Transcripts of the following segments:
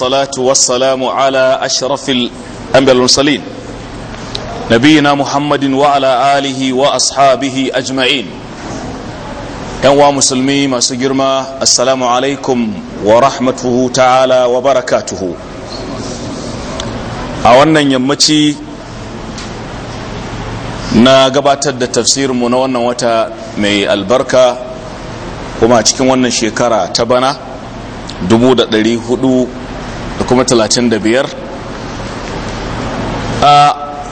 salatu wassalamu ala ashrafil ambalin nabiyina muhammadin wa ala alihi wa ashabihi ajma'in yanwa musulmi masu girma assalamu alaikum wa rahmatuhu ta'ala wa barakatuhu a wannan yammaci na gabatar da tafsirinmu na wannan wata mai albarka kuma cikin wannan shekara ta bana kuma 35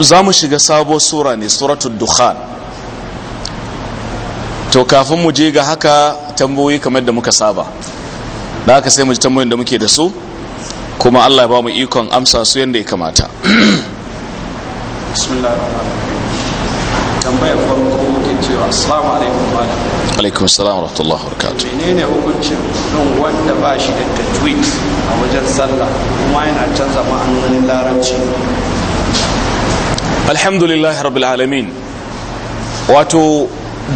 za mu shiga sabo sura ne suratul dukhan to kafin mu je ga haka tambayoyi kamar da muka saba da haka sai mu ji tambayoyin da muke da su kuma allah ya ba mu ikon amsa su yadda ya kamata bismillahirrahmanirrahim tambayar farko muke cewa assalamu alaikum malam alaikum salam rahmatullahi wabarakatuh menene hukuncin don wanda ba shi da tweet a wajen sallah kuma yana canza ma'anonin larabci alhamdulillah rabbil alamin wato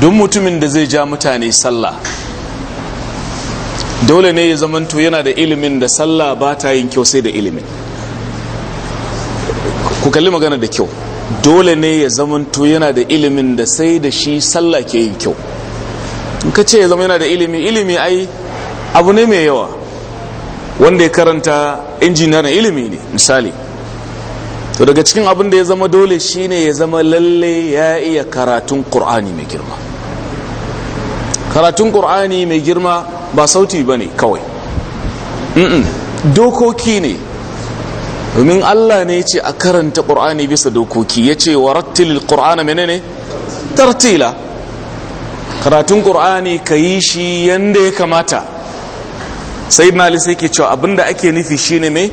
duk mutumin da zai ja mutane sallah dole ne ya zamanto yana da ilimin da sallah ba ta yin kyau sai da ilimin ku kalli magana da kyau dole ne ya zamanto yana da ilimin da sai da shi sallah ke yin kyau ka ce ya zama yana da ilimi ilimi ai abu ne mai yawa wanda ya karanta injiniya ilimi ne misali to daga cikin abin da ya zama dole shi ne ya zama lalle ya iya karatun qur'ani mai girma karatun qur'ani mai girma ba sauti ba ne kawai dokoki ne domin allah ne ya ce a karanta qur'ani bisa dokoki ya ce wa rattilil qur'ana menene tartila karatun ƙur'ani ka yi shi yanda ya kamata sai mali sai ke cewa abinda ake nufi shine mai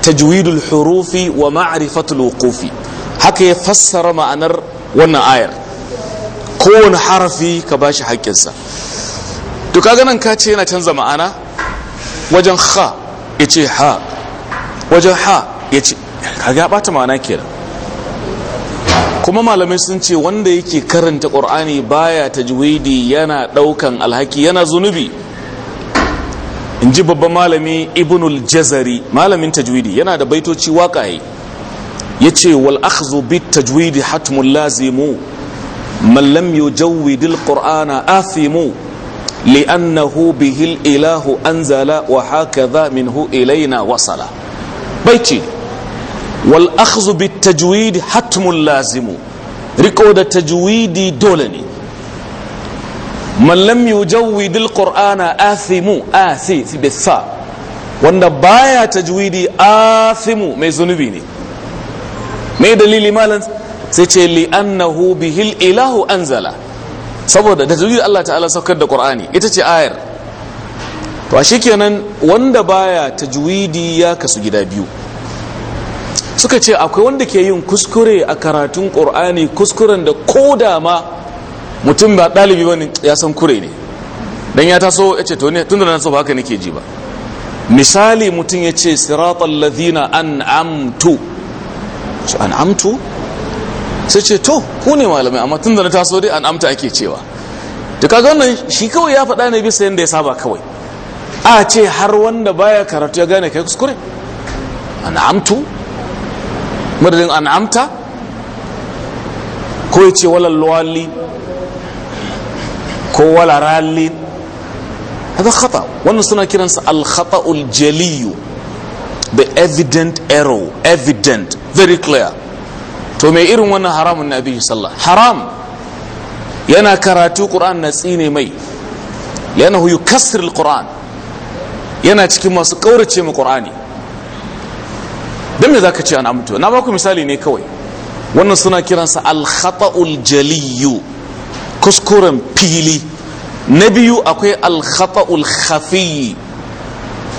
tajwidul hurufi wa ma'rifatul wuqufi haka ya fassara ma'anar wannan ayar kowane harafi ka bashi haƙƙinsa to kaga nan ka ce yana canza ma'ana wajen ha ya ce ha wajen ha ya ce kaga ya bata ma'ana kenan kuma malamai sun ce wanda yake karanta qur'ani baya tajwidi yana ɗaukan alhaki yana zunubi in ji babban malami ibnul jazari malamin tajwidi yana da baitoci waƙaye ya ce wal akhzu bi tajwidi hatmun lazimu man lam yujawwid al qur'ana athimu li'annahu bihi al ilahu anzala wa hakadha minhu ilaina wasala baiti wal akhdhu bit tajwid hatmun lazimu riko da tajwidi dole ne mallam lam yujawwid al qur'ana athimu athi bitha wanda baya tajwidi athimu mai zunubi ne mai dalili malam sai ce li bihil ilahu anzala saboda tajwidi Allah ta'ala saukar da qur'ani ita ce ayar to kenan wanda baya tajwidi ya kasu gida biyu suka ce akwai wanda ke yin kuskure a karatun ƙur'ani kuskuren da ko da ma mutum ba ɗalibi wani ya san kure ne dan ya taso ya ce to ne tun da na so ba haka nake ji ba misali mutum ya ce siratal an amtu. so amtu. sai ce to ku ne malamai amma tun da na taso dai amta ake cewa to kaga wannan shi kawai ya faɗa ne bisa yadda ya saba kawai a ce har wanda baya karatu ya gane kai kuskure An amtu. madadin an'amta ko ya ce ko wala rali haka khata wannan suna kiransa al jaliyu the evident error evident very clear to mai irin wannan haramun na abin sallah haram yana karatu qur'an na tsine mai yana huyu kasir al yana cikin masu ƙaurace mu qur'ani don me za ka ce ana amtu na baku misali ne kawai wannan suna kiransa alkhata'ul jaliyu kuskuren fili na biyu akwai alkhata'ul khafi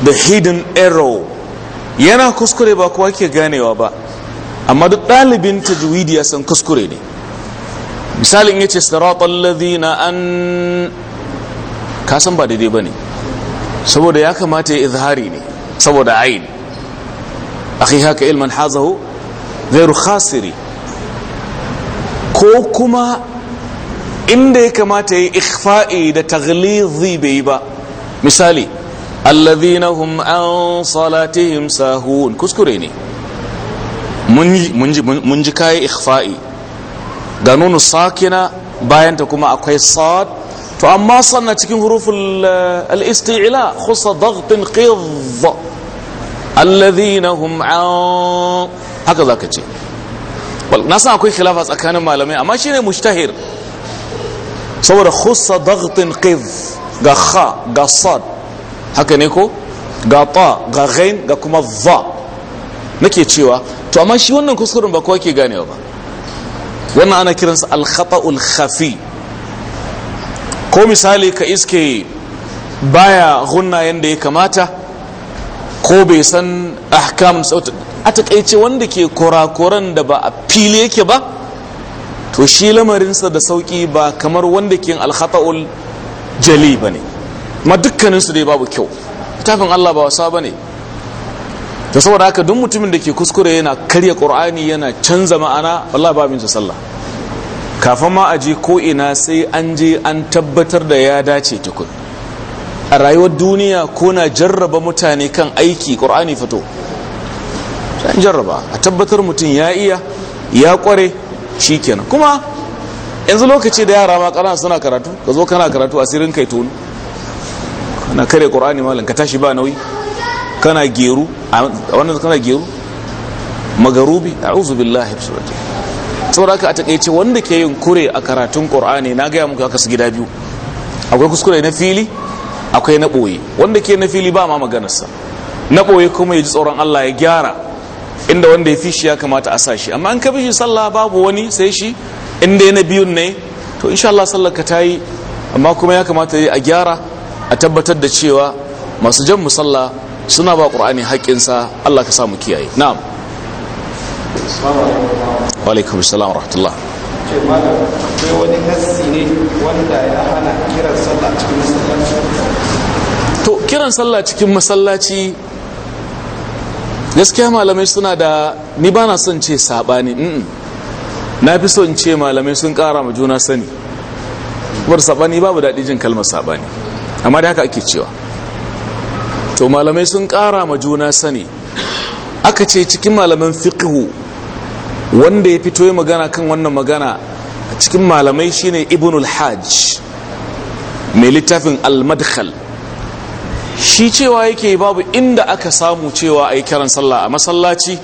da hidden arrow yana kuskure ba kowa ke ganewa ba amma duk ɗalibin tajwidi ya san kuskure ne misali in yace siratal na an ka san ba daidai bane saboda ya kamata ya izhari ne saboda aini akhi haka ilman hazahu ghairu khasiri ko kuma inda ya kamata yi ikhfa'i da taglizi bai ba misali allazina hum an salatihim sahun kuskure ne mun ji kayi ikhfa'i ga nunu sakina bayanta kuma akwai sad to amma sanna cikin huruful al-isti'la khusa daghtin qidh alladhina hum haka zaka ce na san akwai khilafa tsakanin malamai amma shine mushtahir saboda khussa daghtin qidh ga kha ga sad haka ne ko ga ta ga ghain ga kuma dha nake cewa to amma shi wannan kuskuren ba kowa ke ganewa ba wannan ana kiransa al-khata'ul khafi ko misali ka iske baya gunna yanda ya kamata ko bai san ahkam a takaice wanda ke kurakuran da ba a fili yake ba to shi lamarinsa da sauki ba kamar wanda ke alhata'ul jali ba ne ma dukkaninsu dai babu kyau tafin allah ba wasa ba ne da saboda haka duk mutumin da ke kuskure yana karya ƙur'ani yana canza ma'ana Allah ba min sallah kafin ma a je ko ina sai an je an tabbatar da ya dace tukun a rayuwar duniya ko na jarraba mutane kan aiki ƙur'ani fito an jarraba a tabbatar mutum ya iya ya ƙware kenan kuma yanzu lokaci da yara ma ƙana suna karatu ka zo kana karatu asirin kai tonu kana kare ƙur'ani malam ka tashi ba nauyi kana geru a wannan kana geru magarubi uzu billahi bismillah saboda haka a takaice wanda ke yin kure a karatun ƙur'ani na gaya muku aka su gida biyu akwai kuskure na fili akwai na ɓoye wanda ke na fili ba ma maganarsa na ɓoye kuma ya ji tsoron Allah ya gyara inda wanda ya fi shi ya kamata a sa shi amma an kabi shi sallah babu wani sai shi inda na biyun ne to insha Allah sallar ka ta yi amma kuma ya kamata a gyara a tabbatar da cewa masu jan musalla suna ba ƙur'ani haƙƙinsa Allah ka samu kiyaye na'am wa alaikum wa rahmatullah ce malam akwai ne wanda ya hana kiran sallah cikin to kiran sallah cikin masallaci gaskiya malamai suna da ni ba na son ce saɓani na fi son ce malamai sun ƙara ma juna sani bar saɓani babu daɗi jin kalmar saɓani amma da haka ake cewa to malamai sun ƙara ma juna sani aka ce cikin malaman fiqhu wanda ya fito magana kan wannan magana cikin malamai shine ibnul hajj mai littafin al-madkhal shi cewa yake babu inda aka samu cewa a yi kiran sallah a masallaci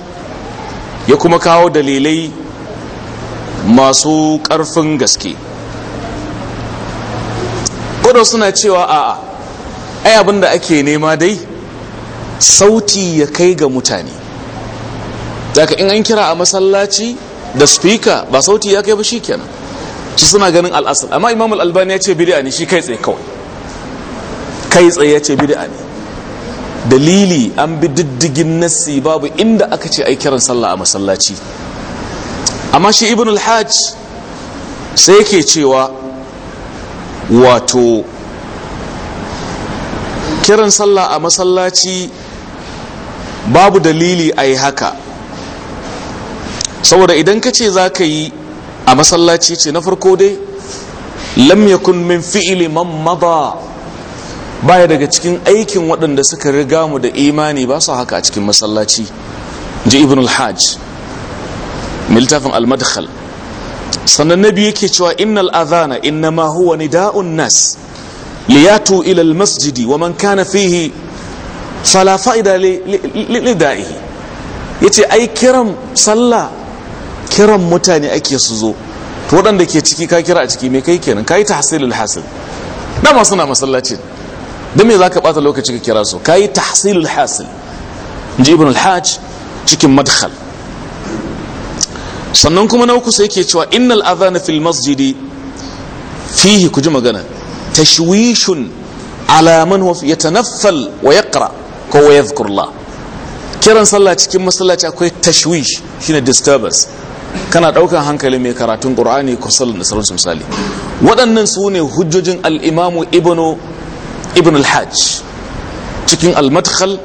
ya kuma kawo dalilai masu ƙarfin gaske kodon suna cewa a ai abin ake nema dai sauti ya kai ga mutane daga in an kira a masallaci da speaker ba sauti ya kai ba shi kenan ci suna ganin al'asar amma imam al-albani ya ce biri'a ne shi kai tsaye kawai kai tsaye ce bid'a ne dalili an bi diddigin nassi babu inda aka ce ai kiran sallah a masallaci amma shi ibn al-hajj sai yake cewa wato kiran sallah a masallaci babu dalili a yi haka saboda idan ka ce za ka yi a masallaci ce na farko dai lam yakun min fi'ili man mada baya daga cikin aikin waɗanda suka riga mu da imani ba su haka a cikin masallaci ji ibn al-hajj miltafin al-madkhal sannan nabi yake cewa innal adhana innama huwa nida'un nas liyatu ila al-masjidi wa man kana fihi fala fa'ida li da'ihi yace ai kiran sallah kiran mutane ake su zo to waɗanda ke ciki ka kira a ciki me kai kenan kai tahsilul hasil dama suna masallacin don me za ka bata lokaci ka kira su ka yi tahsilul hasil ji ibn al-hajj cikin madkhal sannan kuma na uku sai ke cewa innal adhana fil masjidi fihi ku ji magana tashwishun ala man huwa yatanaffal wa yaqra ko wa yadhkur Allah kiran sallah cikin masallaci akwai tashwish shine disturbance kana daukan hankali mai karatun qur'ani ko sallar da sauransu misali waɗannan su ne hujjojin al-imamu ibnu ibn al-hajj cikin al-madkhal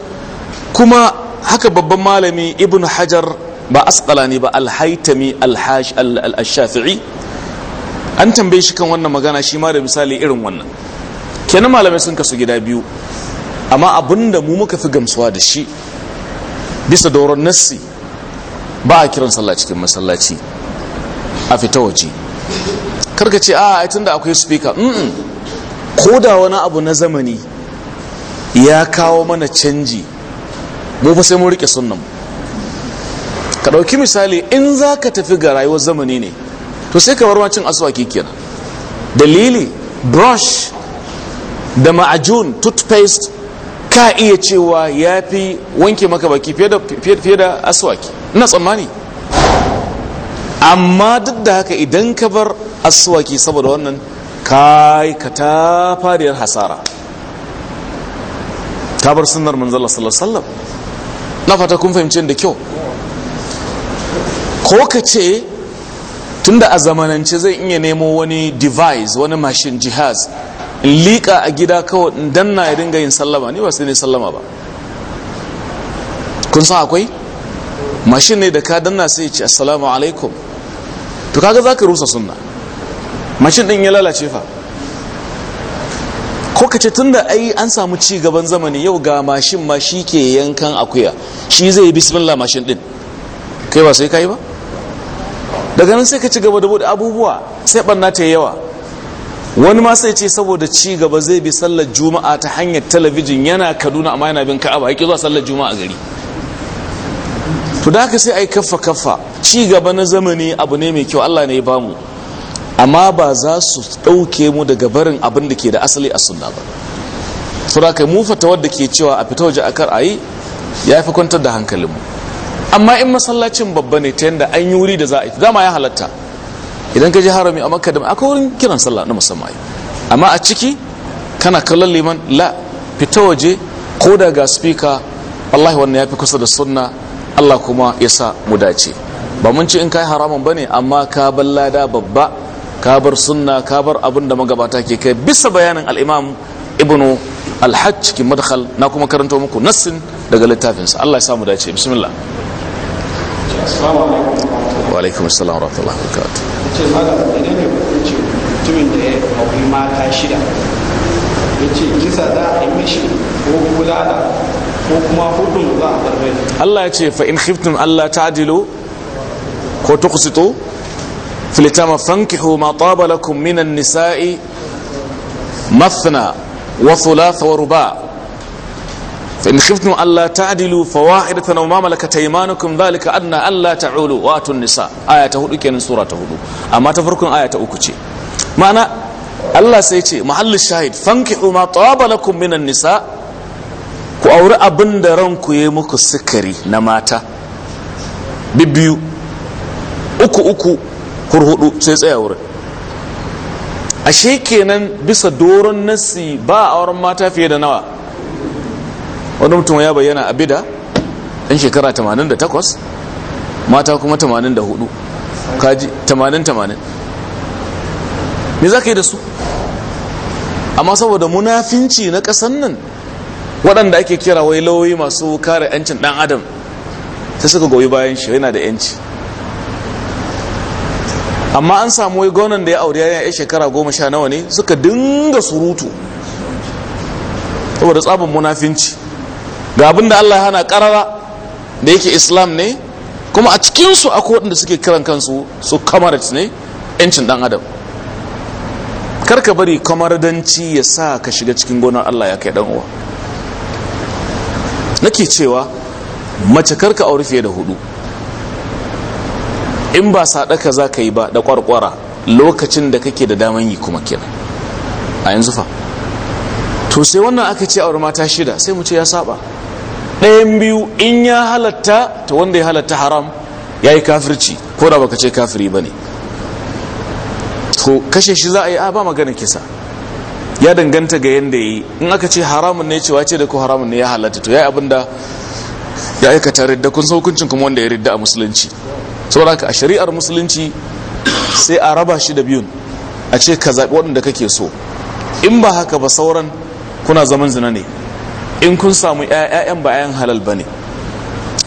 kuma haka babban malami ibn hajar ba asqalani ba al haytami al-hajj al-shafi'i an tambaye shi kan wannan magana shi ma da misali irin wannan kenan malamai sun kasu gida biyu amma abinda mu muka fi gamsuwa da shi bisa doron nassi ba a kiran sallah cikin masallaci a fita waje karka ce a tun da akwai speaker ko da wani abu na zamani ya kawo mana canji mu fa sai mun rike sunnan ka ɗauki misali in za ka tafi ga rayuwar zamani ne to sai ka bar ma cin aswaki kenan dalili brush da ma'ajun toothpaste ka iya cewa ya fi wanke maka baki fiye da aswaki ina tsammani amma duk da haka idan ka bar aswaki saboda wannan kai ka ta fariyar hasara ta bar sunnar manzala sallallahu na fata kun fahimci da kyau ko ka ce tunda a zamanance zai iya nemo wani device wani mashin jihaz in liƙa a gida kawai in danna ya dinga yin sallama ni ba sai ne sallama ba kun san akwai mashin ne da ka danna sai ya ce assalamu alaikum to kaga zaka rusa sunna mashin din ya lalace fa ko kace ce tunda ai an samu ci gaban zamani yau ga mashin ma shi ke yankan akuya shi zai yi bismillah mashin din kai ba sai kai ba daga nan sai ka ci gaba da bude abubuwa sai nata ta yawa wani ma sai ce saboda ci gaba zai bi sallar juma'a ta hanyar talabijin yana kaduna amma yana bin ka'aba yake zuwa sallar juma'a gari to da haka sai ai kaffa kaffa ci gaba na zamani abu ne mai kyau Allah ne ya bamu amma ba za su ɗauke mu daga barin abin da ke da asali a sunna ba saboda kai mu fata wadda ke cewa a fita waje akar ayi ya fi kwantar da mu, amma in masallacin babba ne ta yanda an yi wuri da za a yi dama ya halatta idan ka je harami a makka da akwai wurin kiran sallah na musamman amma a ciki kana kallon liman la fita waje ko da ga speaker wallahi wannan ya fi kusa da sunna Allah kuma ya sa mu dace ba mun ci in kai haramun bane amma ka ballada babba kabar sunna kabar abin da magabata ke kai bisa bayanin al’imam imam ibnu al-hajj cikin madkhal na kuma karanta muku nassin daga littafinsa Allah ya samu dace bismillah wa alaikum assalam wa rahmatullahi wa barakatuh ce malam idan ne hukuncin mutumin da ya auri mata shida yace kisa za a yi mishi ko ko kuma hudun za a barbe Allah ya fa in khiftum Allah ta'dilu ko tuqsitu filitama fankihu ma taba lakum minan nisa'i mathna wa thulatha wa ruba' fa in khiftum alla ta'dilu fa wahidatan wa ma malakat aymanukum dhalika anna alla ta'ulu wa atun nisa' ayata hudu kenan surata hudu amma ta farkon ayata uku ce ma'ana Allah sai ce mahallu shahid fankihu ma taba lakum minan nisa' ku auri abin da ranku yayi muku sikari na mata bibiyu uku uku hudu sai tsaya wurin ashe kenan bisa doron nasi ba a wurin mata fiye da nawa wani mutum ya bayyana a bida ɗan shekara 88 mata kuma 84 kaji 80-80 me za ka yi da su amma saboda munafinci na ƙasan nan waɗanda ake kira wai lauyi masu kare 'yancin ɗan adam ta suka goyi bayan shi yana da 'yanci amma an samu wai gonan da ya aure ya shekara goma sha nawa ne suka dinga surutu saboda tsabin munafinci ga abin da Allah hana karara da yake islam ne kuma a cikinsu a akwai waɗanda suke kiran kansu su kamarat ne 'yancin dan adam karka bari kamaradanci ya sa ka shiga cikin gonar Allah ya kai dan uwa nake cewa mace karka aure fiye da hudu in ba sadaka za ka yi ba da kwarkwara lokacin da kake da daman yi kuma kenan a yanzu fa to sai wannan aka ce a mata shida sai mu ce ya saba ɗayan biyu in ya halatta ta wanda ya halatta haram ya yi kafirci ko da baka ce kafiri ba ne to kashe shi za a yi a ba maganin kisa ya danganta ga yadda yi in aka ce haramun ne cewa ce da ko haramun ne ya halatta to ya yi abin ya aikata ridda kun saukuncin kuma wanda ya ridda a musulunci saboda haka a shari'ar musulunci sai a raba shi da biyun a ce ka zaɓi waɗanda kake so in ba haka ba sauran kuna zaman zina ne in kun samu 'ya'yan ba 'ya'yan halal ba ne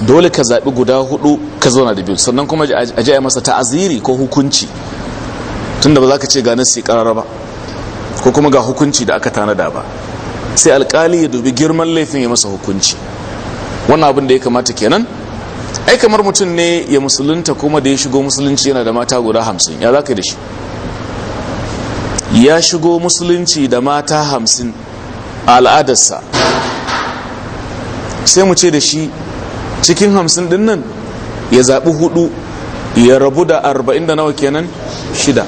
dole ka zaɓi guda hudu ka zauna da biyun. sannan kuma a ji masa ta'aziri ko hukunci tunda ba za ka ce ga nasi karara ba ko kuma ga hukunci da aka tanada ba sai alkali ya dubi girman laifin ya masa hukunci wannan abin da ya kamata kenan ai kamar mutum ne ya musulunta kuma da ya shigo musulunci yana da mata guda hamsin ya za ka da shi ya shigo musulunci da mata hamsin a al'adarsa sai mu ce da shi cikin hamsin din nan ya zaɓi hudu ya rabu da arba'in da nawa kenan shida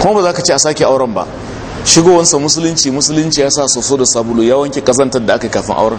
kuma ba za ka ce a sake auren ba shigowansa musulunci musulunci ya sa soso da sabulu ya wanke kazantar da aka kafin auren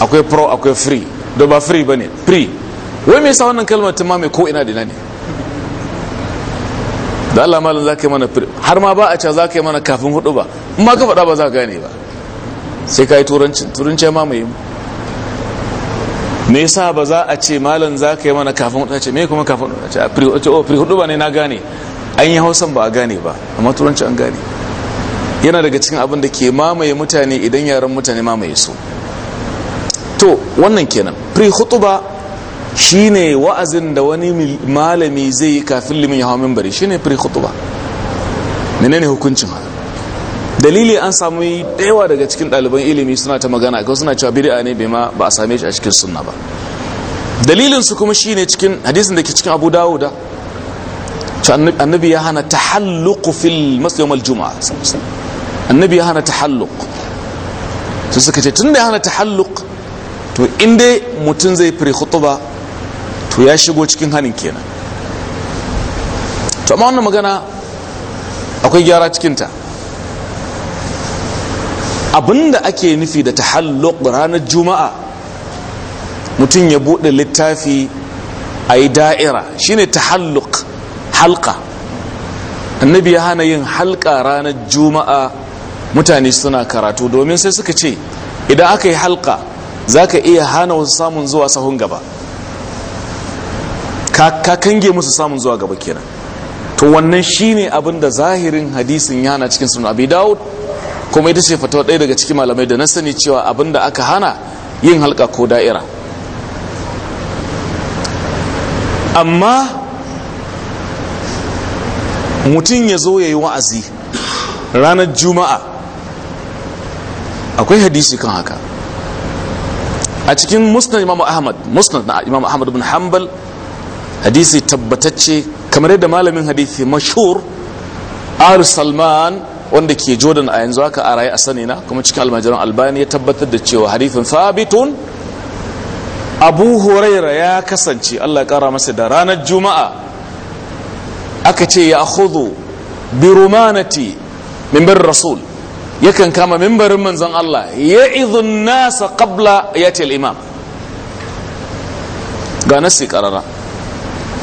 akwai pro akwai free da ba free bane free wai me sa wannan kalmar ta mame ko ina da ne da Allah malam zaka yi mana har ma ba a ce zaka yi mana kafin hudu ba in ma ka faɗa ba za ka gane ba sai ka yi turanci turanci ma mai me yasa ba za a ce malam zaka yi mana kafin hudu ce me kuma kafin hudu ce a firi oh, hudu ba ne na gane an yi hausan ba a gane ba amma turanci an gane yana daga cikin abin da ke mamaye mutane idan yaran mutane mamaye su to wannan kenan pre khutuba shine wa'azin da wani malami zai yi kafin limin ya hawa minbari shine pre khutuba menene hukuncin ha? dalili an samu da daga cikin ɗaliban ilimi suna ta magana ga suna cewa bid'a ne bai ma ba a same shi a cikin sunna ba dalilin su kuma shine cikin hadisin da ke cikin Abu Dawuda annabi ya hana tahalluq fil masjid yawm al-jum'a annabi ya hana tahalluq sai suka ce tunda ya hana tahalluq to in dai mutum zai firi khutuba to ya shigo cikin hannun kenan to amma wannan magana akwai gyara cikinta abinda ake nufi da tahalluq ranar juma'a mutum ya buɗe littafi a yi da'ira shine tahalluq halka annabi ya hana yin halka ranar juma'a mutane suna karatu domin sai suka ce idan aka yi halka za ka iya hana wasu samun zuwa sahun gaba ka kange musu samun zuwa gaba kenan to wannan shine abin da zahirin hadisin ya hana cikin sunan abi daud kuma ita ce fatawa ɗaya daga cikin malamai da na sani cewa abin da aka hana yin halka ko da'ira amma mutum ya zo ya yi wa'azi ranar juma'a akwai hadisi kan haka a cikin musnad imam ahmad musnad na imam ahmad ibn hanbal hadisi tabbatacce kamar yadda malamin hadisi mashhur al salman wanda ke jordan a yanzu haka a raye a sani na kuma cikin almajiran albani ya tabbatar da cewa hadisin sabitun abu huraira ya kasance allah kara masa da ranar juma'a aka ce ya hudu birumanati, rumanati min bin rasul yakan kama mimbarin manzon Allah ya izun nasa qabla ya ce imam ga nasi karara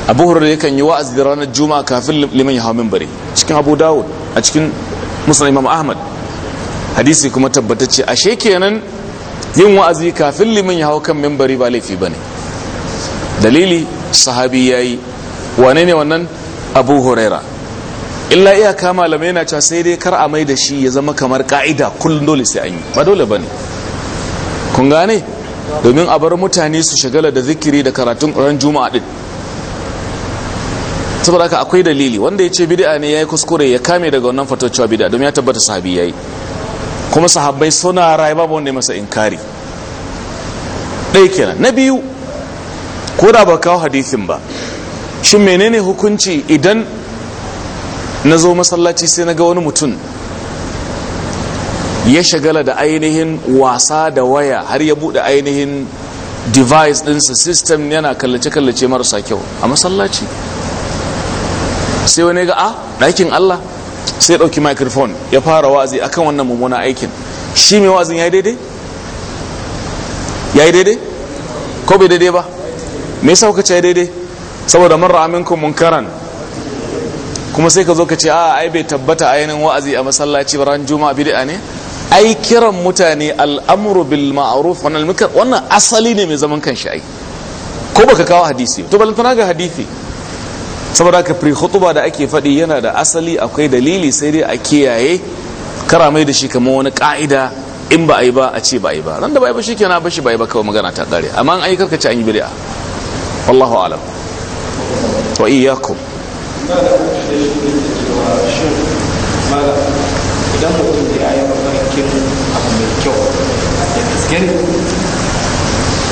abu hurra yakan yi wa'azi da ranar juma'a kafin liman ya hau mimbari cikin abu dawud a cikin musulun imam ahmad hadisi kuma tabbatacce ashe kenan yin wa'azi kafin liman ya hau kan mimbari ba laifi ba ne dalili sahabi ya yi wane ne wannan abu huraira illa iyaka malamai na cewa sai dai kar a mai da shi ya zama kamar ka'ida kullum dole sai an yi ba dole ba ne. kun gane domin a bar mutane su shagala da zikiri da karatun ƙuran juma'a din saboda haka akwai dalili wanda ya ce bid'a ne yayi kuskure ya kame daga wannan fatawar cewa bid'a domin ya tabbata sahabi yi, kuma sahabbai suna rayu babu wanda ya masa inkari ɗaya kenan na biyu ko da ba kawo hadisin ba shin menene hukunci idan na zo masallaci sai na ga wani mutum ya shagala da ainihin wasa da waya har ya bude ainihin device ɗinsa system yana kallace-kallace marasa kyau a masallaci sai wani ga a ah, ɗakin Allah sai ɗauki microphone ya fara wazi akan wannan mummuna aikin shi mai wazin ya yi daidai? ya yi daidai? ko bai daidai ba? me yasa kuka ya daidai? saboda mara aminkun munkaran kuma sai ka zo ka ce a ai bai tabbata ainihin wa'azi a masallaci ran juma'a bid'a ne ai kiran mutane al'amru bil ma'ruf wa wannan asali ne mai zaman kanshi ai ko baka kawo hadisi to balantana ga hadisi saboda ka pre khutuba da ake faɗi yana da asali akwai dalili sai dai a kiyaye kara mai da shi kamar wani ka'ida in ba a yi ba a ce ba a yi ba nan da ba a yi ba shikenan ba shi ba a yi ba kawai magana ta kare amma an ai karkace an yi bid'a wallahu alam wa iyyakum mala idan ya yi abu mai kyau da gaske ne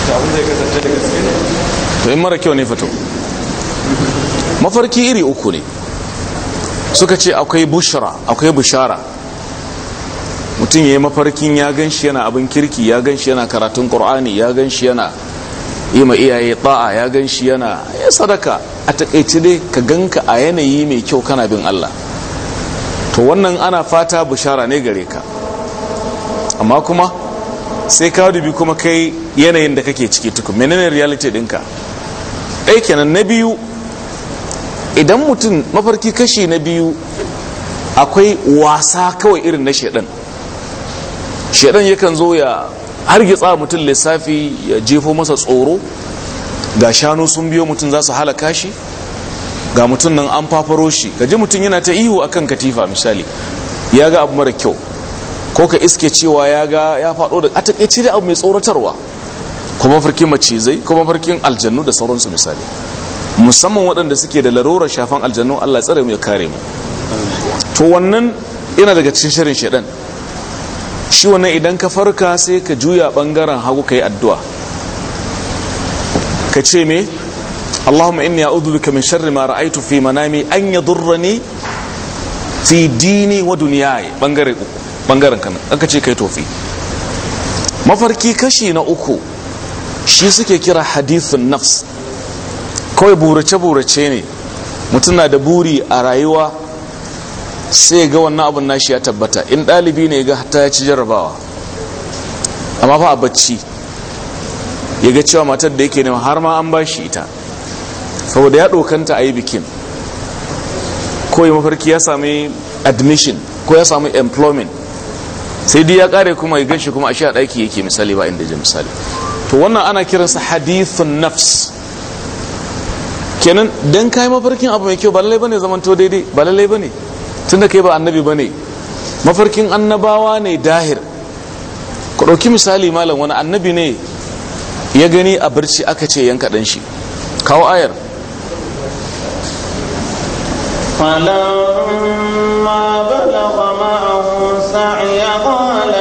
to abin zai kasance da gaske ne to in mara kyau ne fito mafarki iri uku ne suka ce akwai bushara akwai bushara mutum ya yi mafarkin ya gan shi yana abin kirki ya gan shi yana karatun kur'ani ya gan shi yana yi ma iyaye ta'a ya gan shi yana ya sadaka a takaice ka ganka a yanayi mai kyau kana bin Allah to wannan ana fata bishara ne gare ka amma kuma sai ka dubi kuma kai yanayin da kake ciki tukun menene reality ɗinka ɗaya kenan na biyu idan mutum mafarki kashi na biyu akwai wasa kawai irin na shaɗan shaɗan yakan zo ya hargitsa mutum lissafi ya jefo masa tsoro ga shanu sun biyo mutum za su halaka shi ga mutum nan an fafaro shi ka ji mutum yana ta ihu akan katifa misali ya ga abu mara kyau ko ka iske cewa ya ga ya faɗo da a takaice da abu mai tsoratarwa kuma farkin macizai kuma farkin aljannu da sauransu misali musamman waɗanda suke da larurar shafan aljannu Allah tsare mu ya kare mu to wannan yana daga cikin shirin shedan shi wannan idan ka farka sai ka juya ɓangaren hagu kai addu'a ka ce me اللهم إني أعوذ بك من شر ما رأيت في منامي أن يضرني في ديني ودنياي ɓangaren kan aka ce kai tofi mafarki kashi na uku shi suke kira hadithun nafs kawai burace-burace ne mutum na da buri a rayuwa sai ga wannan abin nashi ya tabbata in ɗalibi ne ga ta ci jarrabawa. amma fa a bacci ya ga cewa matar da yake nema har ma an bashi ita saboda ya dokanta a yi bikin ko yi mafarki ya sami admission ko ya sami employment sai dai ya kare kuma ya ganshi kuma a sha daiki yake misali ba inda ji misali to wannan ana kiransa hadithun nafs kenan dan kai mafarkin abu mai kyau ba lallai bane zamanto daidai ba lallai bane tunda kai ba annabi bane mafarkin annabawa ne dahir ku ɗauki misali malam wani annabi ne ya gani a barci aka ce yanka ɗan shi kawo ayar فلما بلغ معه سعي قال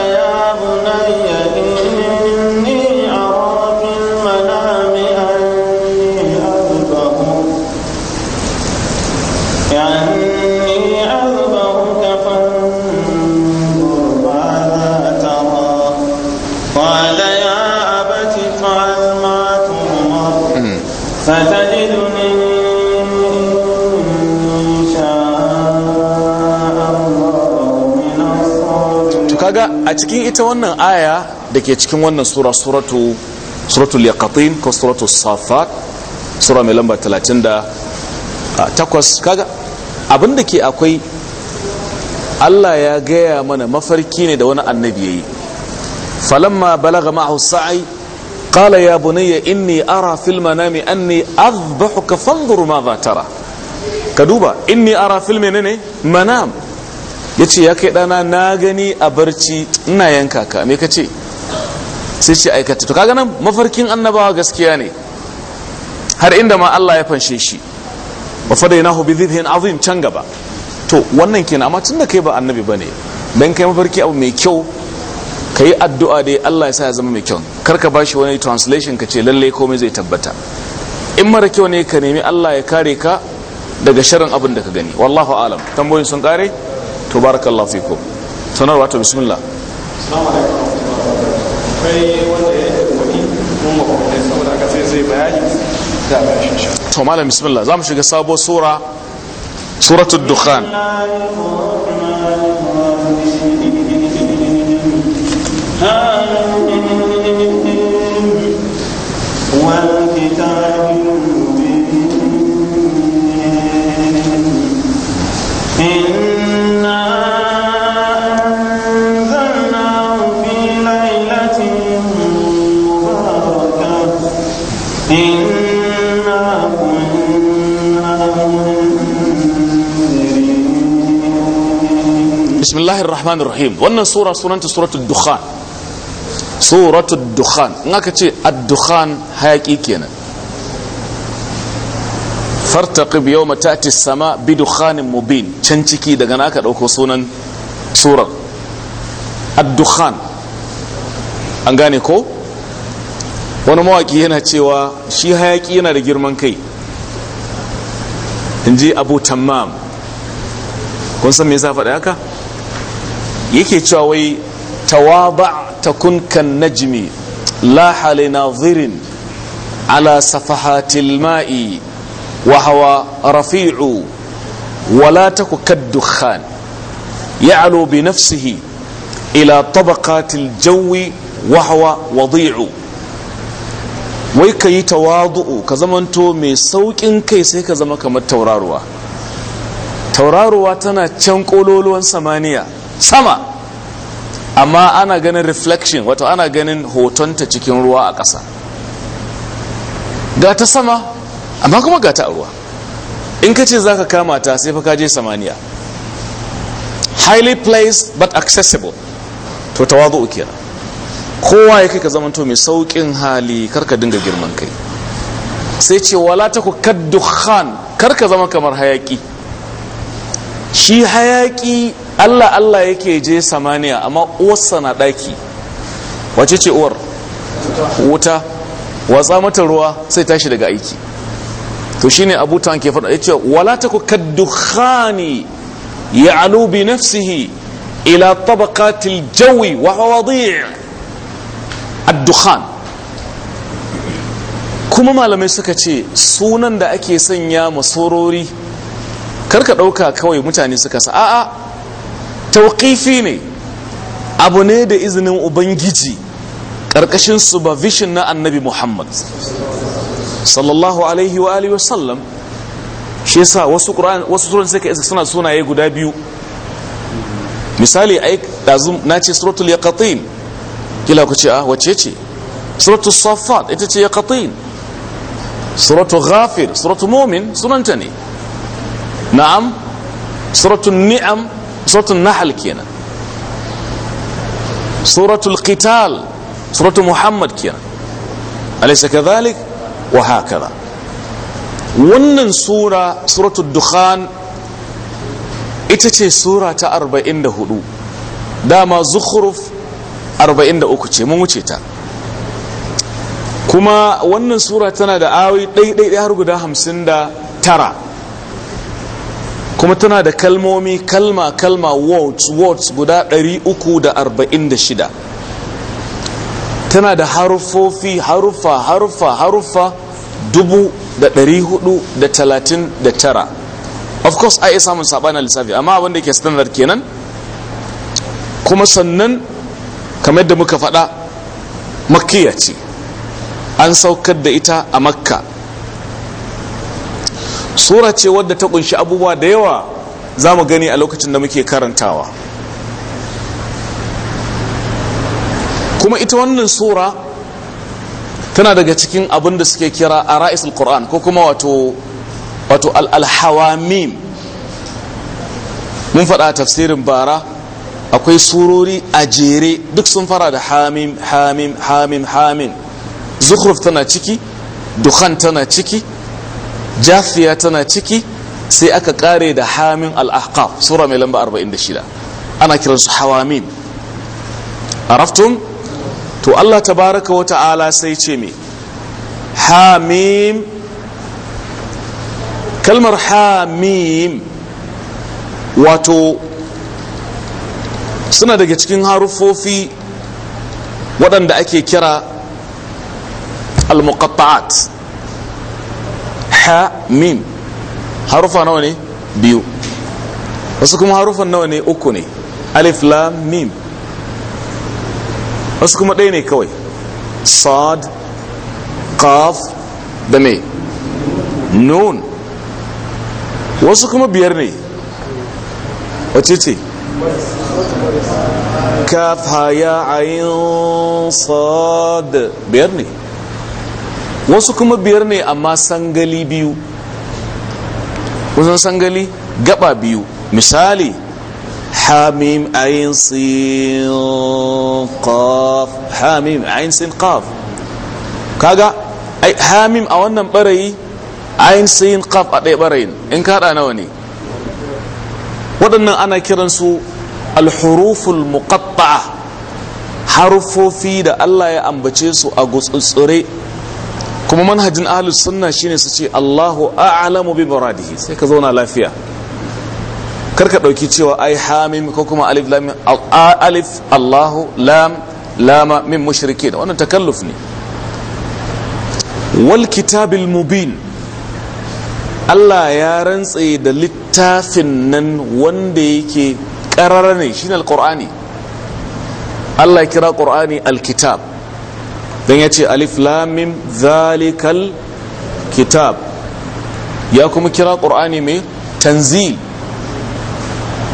a cikin ita wannan aya da ke cikin wannan sura suratu suratul yaqatin ko suratu safat sura mai lamba 38 kaga abinda ke akwai Allah ya gaya mana mafarki ne da wani annabi yayi falamma balaga ma'ahu sa'ai qala ya bunayya inni ara filma fil manami anni azbahuka fanzur ma za tara ka duba inni ara fil ne? manam ya ce ya kai dana na gani a barci ina yanka ka me ka ce sai ce aikata to kaga nan mafarkin annabawa gaskiya ne har inda ma Allah ya fanshe shi wa fadainahu bi dhibhin azim can gaba to wannan kenan amma tunda kai ba annabi bane dan kai mafarki abu mai kyau kai addu'a dai Allah ya sa ya zama mai kyau kar ka bashi wani translation ka ce lalle komai zai tabbata in mara kyau ne ka nemi Allah ya kare ka daga sharrin abin da ka gani wallahu alam tambayoyin sun kare to barakallahu fikum sanarwa to bismillah assalamu alaikum akwai wanda ya yi wani kuma makwai saboda aka sai zai bayani da bayan shi to malam bismillah za mu shiga sabuwar sura suratul dukhan Ah bismillahir rahmanir rahim wannan sura sunanta suratul dukhan suratul dukhan in aka ce ad-dukhan hayaki kenan fartaqib yawma ta'ti as-sama bi dukhanin mubin can ciki daga naka dauko sunan surar ad-dukhan an gane ko wani mawaki yana cewa shi hayaki yana da girman kai in ji abu tammam kun san me yasa faɗi haka yake cewa wai tawaba takun kan najmi la hali nadhirin ala safahatil ma'i wa hawa rafi'u ولا تك كالدخان يعلو ila إلى طبقات jawwi وهو wadi'u wai ka yi tawadu'u ka zamanto mai sauƙin kai sai ka zama kamar tauraruwa tauraruwa tana can ƙololuwan samaniya sama amma ana ganin reflection wato ana ganin hotonta cikin ruwa a ƙasa ga ta sama amma kuma ga ta a ruwa in ka ce za ka kama ta sai fa ka je samaniya highly placed but accessible to tawazu na. kowa ya kai ka zamanto mai saukin hali karka dinga girman kai sai ce wala ta ku khan karka zama kamar hayaki shi hayaki Allah Allah yake je samaniya amma uwarsa na daki. wace ce uwar wuta watsa mata ruwa sai tashi daga aiki to shine Abu Tan ke faɗa yace wala taku kaddukhani ya bi nafsihi ila tabaqati al-jawi wa wadi' ad kuma malamai suka ce sunan da ake sanya masorori karka ɗauka kawai mutane suka sa a'a tauƙifi ne abu ne da izinin ubangiji karkashin supervision na annabi muhammad sallallahu alaihi wa alihi wasallam shi yasa wasu ƙura'an wasu suran sai ka isa suna sunaye guda biyu misali ai ɗazu nace ce suratul yaqatin kila ku ce ah wacce ce suratul saffat ita ce yaqatin suratul ghafir suratul mumin sunanta ne na'am suratul ni'am suratul nahl kenan suratul qital suratul muhammad kenan alaysa kadhalik wa hakaza wannan sura suratul dukhan ita ce sura ta 44 dama zukhruf 43 ce mun wuce ta kuma wannan sura tana da awi ɗaiɗaiɗai har guda hamsin da tara kuma tana da kalmomi kalma kalma words words guda 346 tana da harufofi harufa harufa harufa dubu da ɗari talatin da tara of course a iya samun na lissafi amma wanda ke standard kenan kuma sannan kamar yadda muka faɗa makkiya ce an saukar da ita a makka sura ce wadda ta kunshi abubuwa da yawa za mu gani a lokacin da muke karantawa kuma ita wannan sura tana daga cikin abin da suke kira a ra'isul qur'an ko kuma wato wato al-hawamim mun faɗa tafsirin bara akwai surori a jere duk sun fara da hamim hamim hamim hamim zukhruf tana ciki dukhan tana ciki jafiya tana ciki sai aka kare da hamin al sura mai lamba 46 ana kiransu hawamin araftum to Allah tabaraka wa ta'ala sai ce me hamim kalmar hamim wato suna daga cikin harufofi waɗanda ake kira al-muqatta'at ha mim harufa nawa ne biyu wasu kuma harufan nawa ne uku ne alif lam mim wasu kuma ɗaya ne kawai sad qaf da me nun wasu kuma biyar ne wace ce kaf haya ayin sad biyar ne wasu kuma biyar ne amma sangali biyu kusan sangali gaba biyu misali hamim ayin sin qaf hamim ayin sin qaf kaga hamim a wannan barayi ayin sin qaf a ɗaya barayin in kaɗa nawa ne waɗannan ana kiransu alhuruful muqatta'a harufofi da Allah ya ambace su a gutsutsure kuma manhajin ahlus sunna shine su ce Allahu a'lamu bi muradihi sai ka zauna lafiya karka ka dauki cewa ai hamim ko kuma alif lam alif Allahu lam lama min mushrikin wannan takalluf ne wal kitabil mubin Allah ya rantse da littafin nan wanda yake karara ne shine alqur'ani Allah ya kira qur'ani alkitab don ya ce alif zalikal kitab ya kuma kira ƙur'ani mai tanzil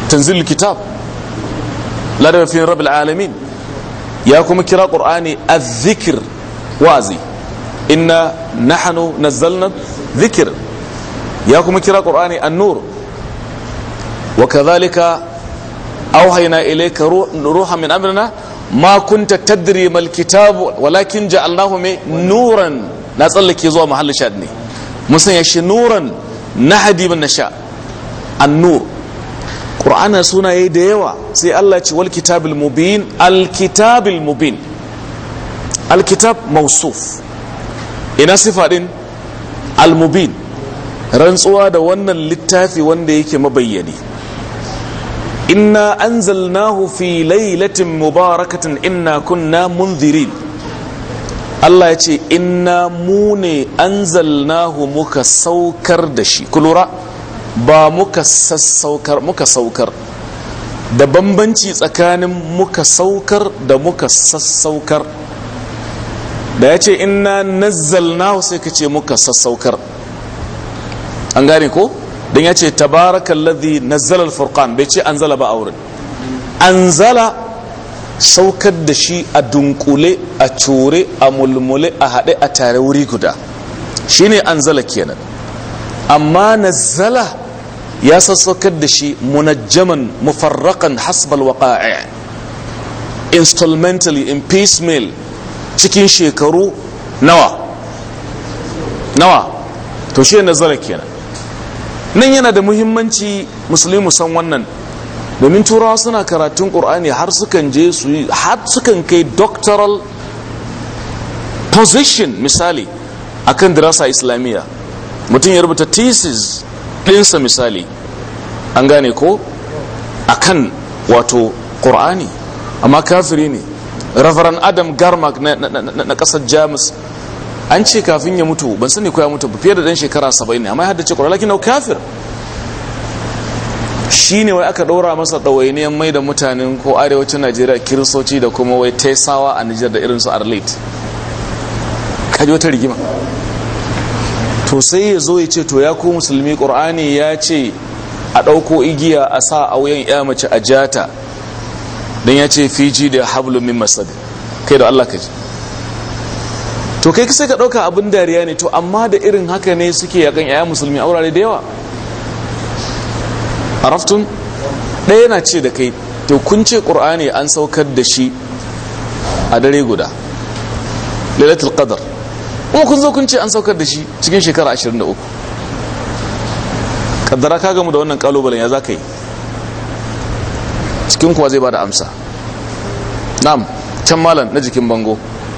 tanzil kitab ladar fiye rabin alamin ya kuma kira ƙur'ani a zikir wazi inna nahanu nazzalna zikir ya kuma kira ƙur'ani annur wa kazalika auhaina ilaika ruha min amrina ma kunta tadri mal kitabu walakin ja'alnahu nuran na tsallake zuwa mahallin shad ne musan ya shi nuran nahdi man nasha an-nur qur'ana sunaye da yawa sai Allah ce wal kitabil mubin al kitabil mubin al kitab mawsuf ina sifa din al mubin rantsuwa da wannan littafi wanda yake mabayyani inna anzalnahu fi lailatin mubarakatin inna kunna munzirin Allah ya ce inna mu ne anzalnahu muka saukar da shi kulura ba muka sassaukar muka saukar da bambanci tsakanin muka saukar da muka sassaukar da ya ce inna nazzalnahu sai ka ce muka sassaukar an gane ko? don ya ce tabarakalladhi nazzala al-furqan bai ce anzala ba auren anzala saukar da shi a dunkule a cure a mulmule a haɗe a tare wuri guda shine zala kenan amma nazzala ya sassaukar da shi munajjaman mufarrakan hasbal waqa'i instrumentally in piecemeal cikin shekaru nawa nawa to shi nazzala kenan nan yana da muhimmanci musulmi san wannan domin turawa suna karatun ƙur'ani har sukan je su har sukan kai doctoral position misali akan dirasa islamiyya mutum ya rubuta thesis ɗinsa misali an gane ko kan wato ƙur'ani amma kafiri ne reverend adam garmak na ƙasar jamus an ce kafin ya mutu ban sani ko ya mutu fiye da dan shekara 70 ne amma ya haddace Qur'ani lakin kafir ne wai aka ɗora masa ɗawainiyar mai da mutanen ko arewacin Najeriya kirisoci da kuma wai taisawa a Nijar da irin su Arlit kaji wata rigima to sai ya zo ya ce to ya ko musulmi Ƙur'ani ya ce a ɗauko igiya a sa a wuyan ya mace a jata don ya ce fiji da hablumin min masad kai da Allah ka ji to kai sai ka ɗauka abin dariya ne to amma da irin haka ne suke yakan yaya musulmi a wurare da yawa raftun ɗaya na ce da kai to kun ce ƙur'ani an saukar da shi a dare guda lailatul qadar kuma kun zo kun ce an saukar da shi cikin shekara 23 kaddara ka gamu da wannan kalubalen ya za ka yi cikin kuwa zai ba da amsa na'am can malam na jikin bango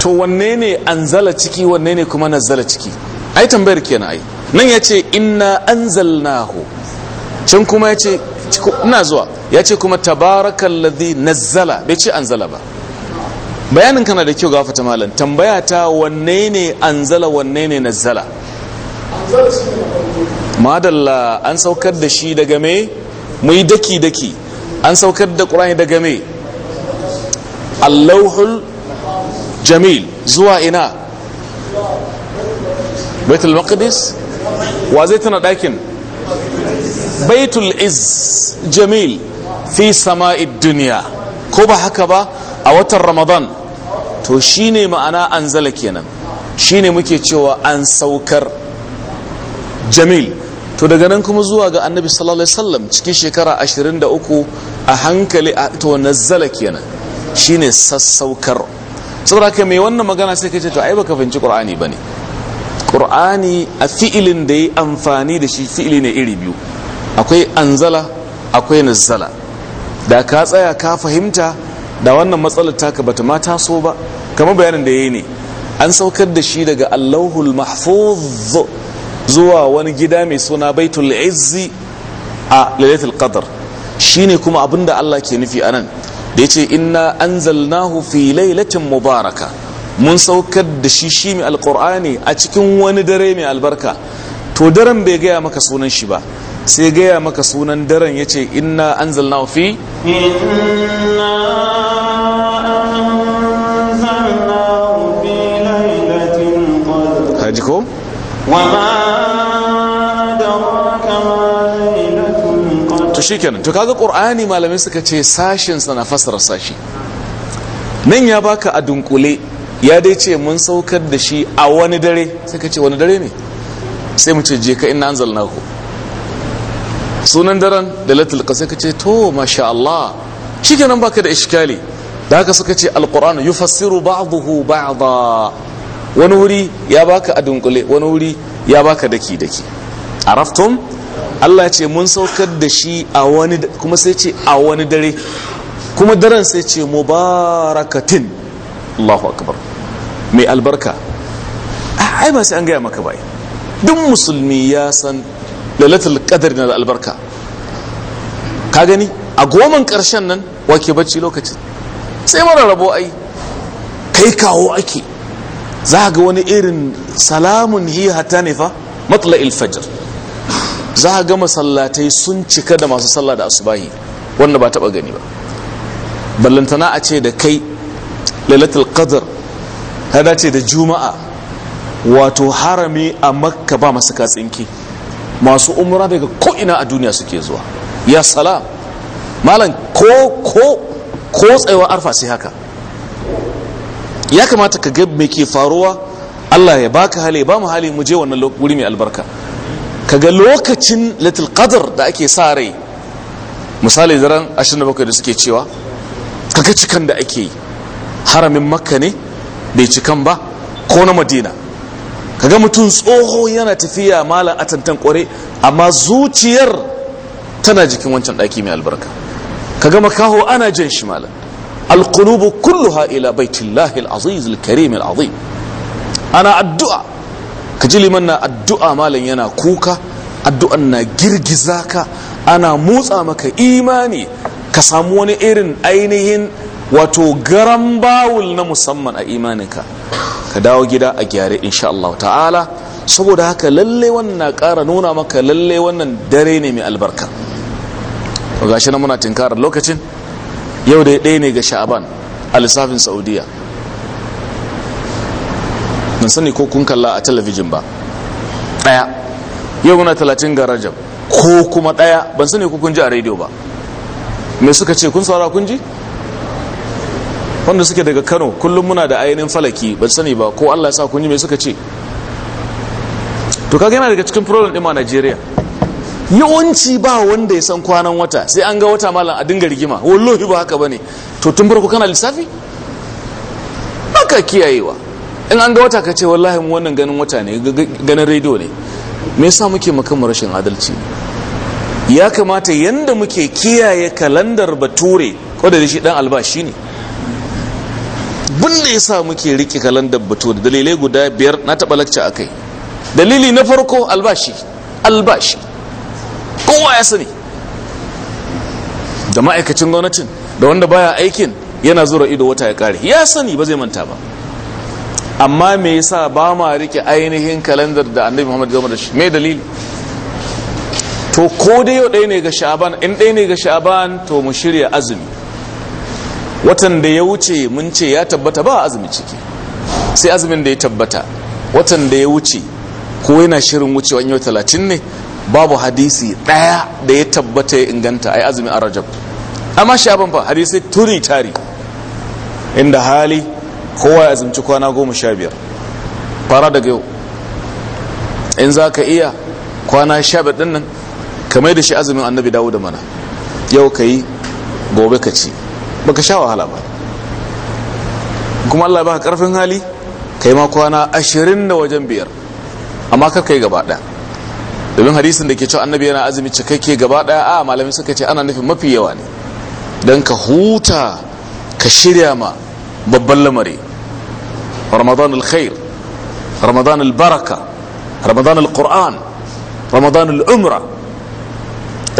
to wanne ne anzala ciki wanne ne kuma nazala ciki ai tambayar kenan ai nan yace inna anzalnahu can kuma yace ina zuwa yace kuma ladhi nazzala bai ce anzala ba bayanin kana da kyau gafata malam tambaya ta wanne ne anzala wanne ne nazzala madalla an saukar da shi daga me mu yi daki daki an saukar da qur'ani daga me allahul jamil zuwa ina baitul maqdis wa zai tana ɗakin? baitul iz jamil fi sama'id duniya ko ba haka ba a watan ramadan to shine ma'ana zala kenan shine muke cewa an saukar jamil to daga nan kuma zuwa ga annabi sallallahu alaihi wasallam cikin shekara 23 a hankali a to nazzala kenan shine sassaukar saboda ka mai wannan magana sai ka ce to ai baka fahimci qur'ani bane qur'ani a fi'ilin da yi amfani da shi fi'ili ne iri biyu akwai anzala akwai nazzala da ka tsaya ka fahimta da wannan matsalar taka bata ma so ba kamar bayanin da yayi ne an saukar da shi daga allahul mahfuz zuwa wani gida mai suna baitul izzi a lailatul qadr shine kuma abinda Allah ke nufi anan da yace inna anzalnahu fi lailatin mubaraka mun saukar da shi shi mai a cikin wani dare mai albarka to daren bai gaya maka sunan shi ba sai gaya maka sunan daren ya ce inna an fi inna fi lailatin to kenan to kaga qur'ani malamai suka ce sashin sa na fasara sashi nan ya baka a dunkule ya dai ce mun saukar da shi a wani dare sai ce wani dare ne sai mu ce je ka inna ku sunan daren da latul qasai ka ce to masha Allah shikenan baka da iskali da haka suka ce alquran yufassiru ba'dahu ba'da wani wuri ya baka a dunkule wani wuri ya baka daki daki araftum Allah ce mun saukar da shi a wani kuma sai ce a wani dare kuma daren sai ce mubarakatin Allahu akbar mai albarka ai ba sai an gaya maka bai duk musulmi ya san lalatul qadr na albarka ka gani a goman karshen nan wake bacci lokacin sai mara rabo ai kai kawo ake za ga wani irin salamun hiya hatta ne fa matla'il fajr za a ga masallatai sun cika da masu sallah da asubahi wanda ba taba gani ba ballantana a ce da kai lailatul qadr ta dace da juma'a wato harami a makka ba masu katsinki masu umra daga ko'ina a duniya suke zuwa ya salam malam ko ko ko tsayawa arfa sai haka ya kamata ka ga me ke faruwa Allah ya baka hali ba mu hali mu je wannan wuri mai albarka kaga lokacin little qadr da ake sa rai misali daren 27 da suke cewa kaga cikan da ake yi haramin makka ne bai cikan ba ko na madina kaga mutum tsoho yana tafiya malam atantan kware amma zuciyar tana jikin wancan ɗaki mai albarka kaga makaho ana jan shi malam kullu kulluha ila baitillahi alaziz alkarim alazim ana addu'a ka ji liman na addu'a malam yana kuka addu'an na girgiza ka ana motsa maka imani ka samu wani irin ainihin wato garan bawul na musamman a imanin ka Ka dawo gida a gyare insha Allah ta'ala saboda haka lalle wannan kara nuna maka lalle wannan dare ne mai albarka gashi na muna tinkarar lokacin yau da ɗaya ne ga sha'aban a lissafin saudiya ban sani ko kun kalla a talabijin ba daya yau muna talatin ga rajab ko kuma daya ban sani ko kun ji a rediyo ba me suka ce kun saura kun ji wanda suke daga kano kullum muna da ainihin falaki ban sani ba ko allah sa kun ji me suka ce to kaga yana daga cikin problem ɗin ma najeriya yawanci ba wanda ya san kwanan wata sai an ga wata malam a dinga rigima wallahi ba haka bane to tun farko kana lissafi haka kiyayewa in an ga wata ka ce wallahi mu wannan ganin wata ne ganin rediyo ne me yasa muke makamu rashin adalci ya kamata yanda muke kiyaye kalandar bature ko da shi dan albashi ne bin da yasa muke rike kalandar bature dalilai guda biyar na taba lakca akai dalili na farko albashi albashi kowa ya sani da ma'aikacin gwamnatin da wanda baya aikin yana zura ido wata ya kare ya sani ba zai manta ba amma me yasa ba ma rike ainihin kalandar da annabi muhammad gama da shi mai dalili to ko dai yau ɗaya ne ga sha'aban in ɗaya ne ga sha'aban to mu shirya azumi watan da ya wuce mun ce ya tabbata ba azumi ciki sai azumin da ya tabbata watan da ya wuce ko yana shirin wuce yau talatin ne babu hadisi ɗaya da ya tabbata ya inganta ai azumin rajab. amma sha'aban fa hadisi turi tari inda hali kowa ya azumci kwana goma sha biyar fara daga yau in za ka iya kwana sha biyar nan ka mai da shi azumin annabi dawo da mana yau ka yi gobe ka ci baka sha wahala ba kuma allah ka karfin hali ka yi ma kwana ashirin da wajen biyar amma kar ka yi gaba ɗaya domin hadisin da ke cewa annabi yana azumi cikakke gaba ɗaya a malamai suka ce ana nufin mafi yawa ne don ka huta ka shirya ma babban lamari رمضان الخير رمضان البركة رمضان القرآن رمضان الأمرة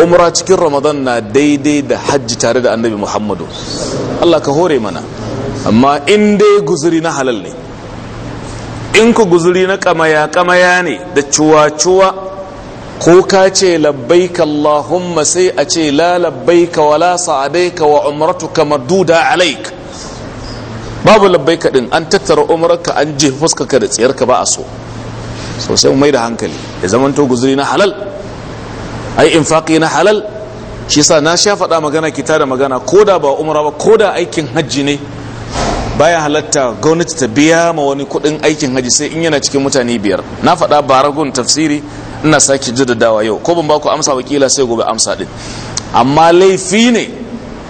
umra cikin ramadan na daidai da hajji tare da annabi muhammadu allah ka hore mana amma in dai guzuri na halal in ku guzuri na kamaya kamaya ne da cuwacuwa, cuwa ko ka ce labbaika allahumma sai a ce la labbaika wala sa'adaika wa umratu umratuka maduda alaik babu labbai kaɗin an tattara umarka an je ka da tsayarka ba a so sosai mai da hankali ya zamanto guzuri na halal ai infaqi na halal shi sa na sha faɗa magana kita da magana ko da ba umara ba koda aikin hajji ne baya halatta gwamnati ta biya ma wani kuɗin aikin hajji sai in yana cikin mutane biyar na faɗa gun tafsiri ina sake jaddadawa yau ko ban ba ku amsa wakila sai gobe amsa din amma laifi ne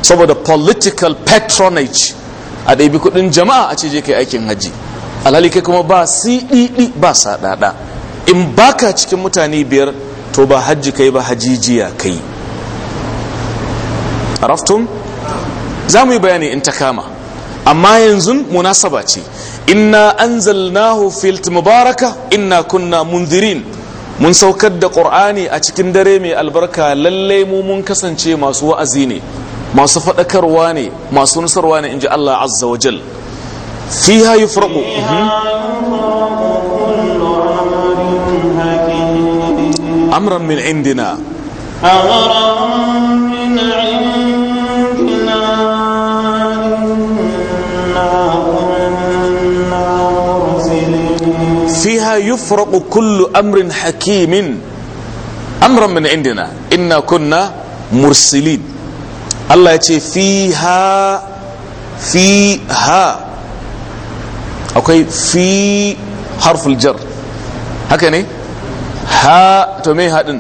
saboda political patronage a ɗabi kuɗin jama'a a ce je kai aikin hajji alhali kai kuma ba siɗiɗi ba saɗaɗa in baka cikin mutane biyar to ba hajji kai ba hajijiya kai Raftun. za mu yi bayani in ta kama amma yanzu munasaba ce inna anzalnahu fil mubaraka inna kunna munzirin mun saukar da ƙur'ani a cikin dare mai albarka lallai mu mun kasance masu wa'azi ne masu faɗakarwa ne masu nusarwa ne in ji Allah azza wa jal fiha yufraqu amran min indina فيها يفرق kullu amrin hakimin. amran min indina إنا kunna mursilin. Allah ya ce fi ha fi ha akwai fi harful jar haka ne ha to mai haɗin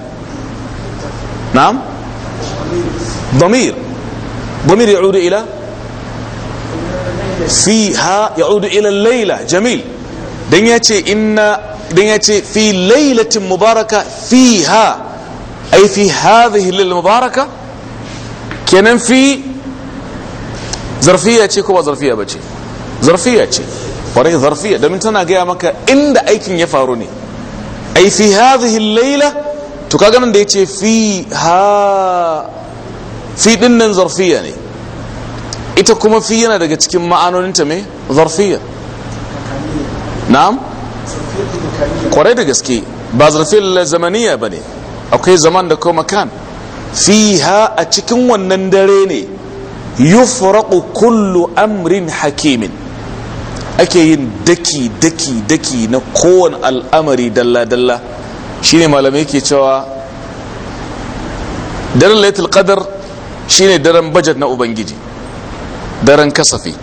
na'am domir domir ya udu ila fi ha ya jamil don ya ce fi lailatin mubaraka fi ha ai fi hadhihi lil mubaraka kenan fi zarfiya ce ko ba zarfiya ba ce zarfiya ce kwarai zarfiya domin tana gaya maka inda aikin ya faru ne ai fi hadhihi laila to kaga nan da ya ce fi ha fi din nan zarfiya ne ita kuma fi yana daga cikin ma'anonin ta me zarfiya na'am kwarai da gaske ba zarfiya zamaniya bane akwai zaman da kuma makan fiha a cikin wannan dare ne yufraqu kullu amrin hakimin ake yin daki daki daki na kowane al'amari dalla dalla shine malamai ke cewa daren laitul qadar shine daren bajet na ubangiji daren kasafi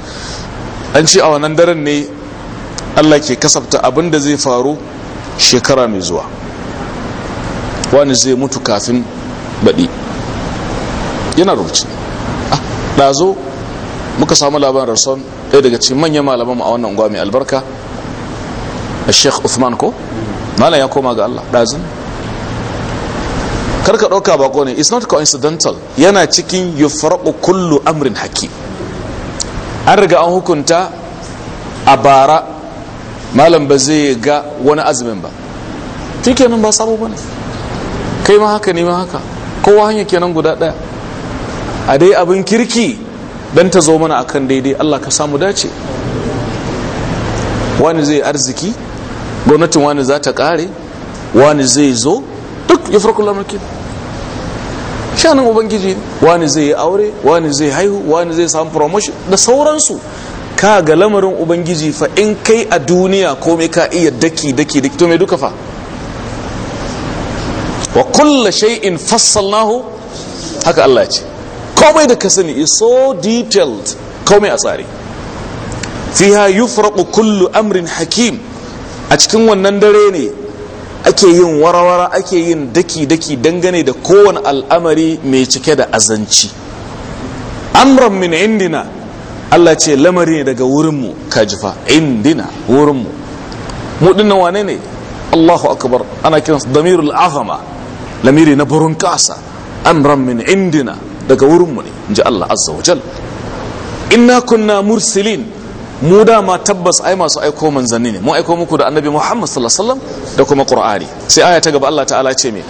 an ce a wannan daren ne Allah ke kasafta abin da zai faru shekara mai zuwa wani zai mutu kafin baɗi yana rubuce ah, ɗazo muka samu labarar son ɗaya daga cikin manyan malaman a wannan unguwa mai albarka a sheikh uthman ko malam ya koma ga allah ɗazin karka ɗauka bako ne it's not coincidental yana cikin yufraku kullu amrin hakim an riga an hukunta a bara malam ba zai ga wani azumin ba kenan ba sabo ne kai ma haka ne ma haka kowa hanya kenan guda daya a dai abin kirki don ta zo mana akan daidai Allah ka samu dace wani zai arziki gwamnatin wani za ta kare wani zai zo duk ya farko lamarki shanin ubangiji wani zai yi aure wani zai haihu wani zai samu promotion da sauransu ka ga lamarin ubangiji fa in kai a duniya ko komai ka iya daki daki daki to mai duka fa kulla shay'in fassalnahu haka Allah ya ce komai da ka sani is so detailed komai a tsari fiha yufraqu kullu amrin hakim a cikin wannan dare ne ake yin warawara ake yin daki-daki dangane da kowane al'amari mai cike da azanci amran min indina Allah ce lamari ne daga wurinmu kajifa indina wurinmu mu dinnan wane ne Allahu akbar ana kiransa damirul azama lamiri na burin kasa amran min indina daga wurinmu ne in ji Allah azza wa jal inna kunna mursilin mu dama tabbas ai masu aiko manzanni ne mu aiko muku da annabi Muhammad sallallahu alaihi wasallam da kuma Qur'ani sai aya ta gaba Allah ta'ala ce me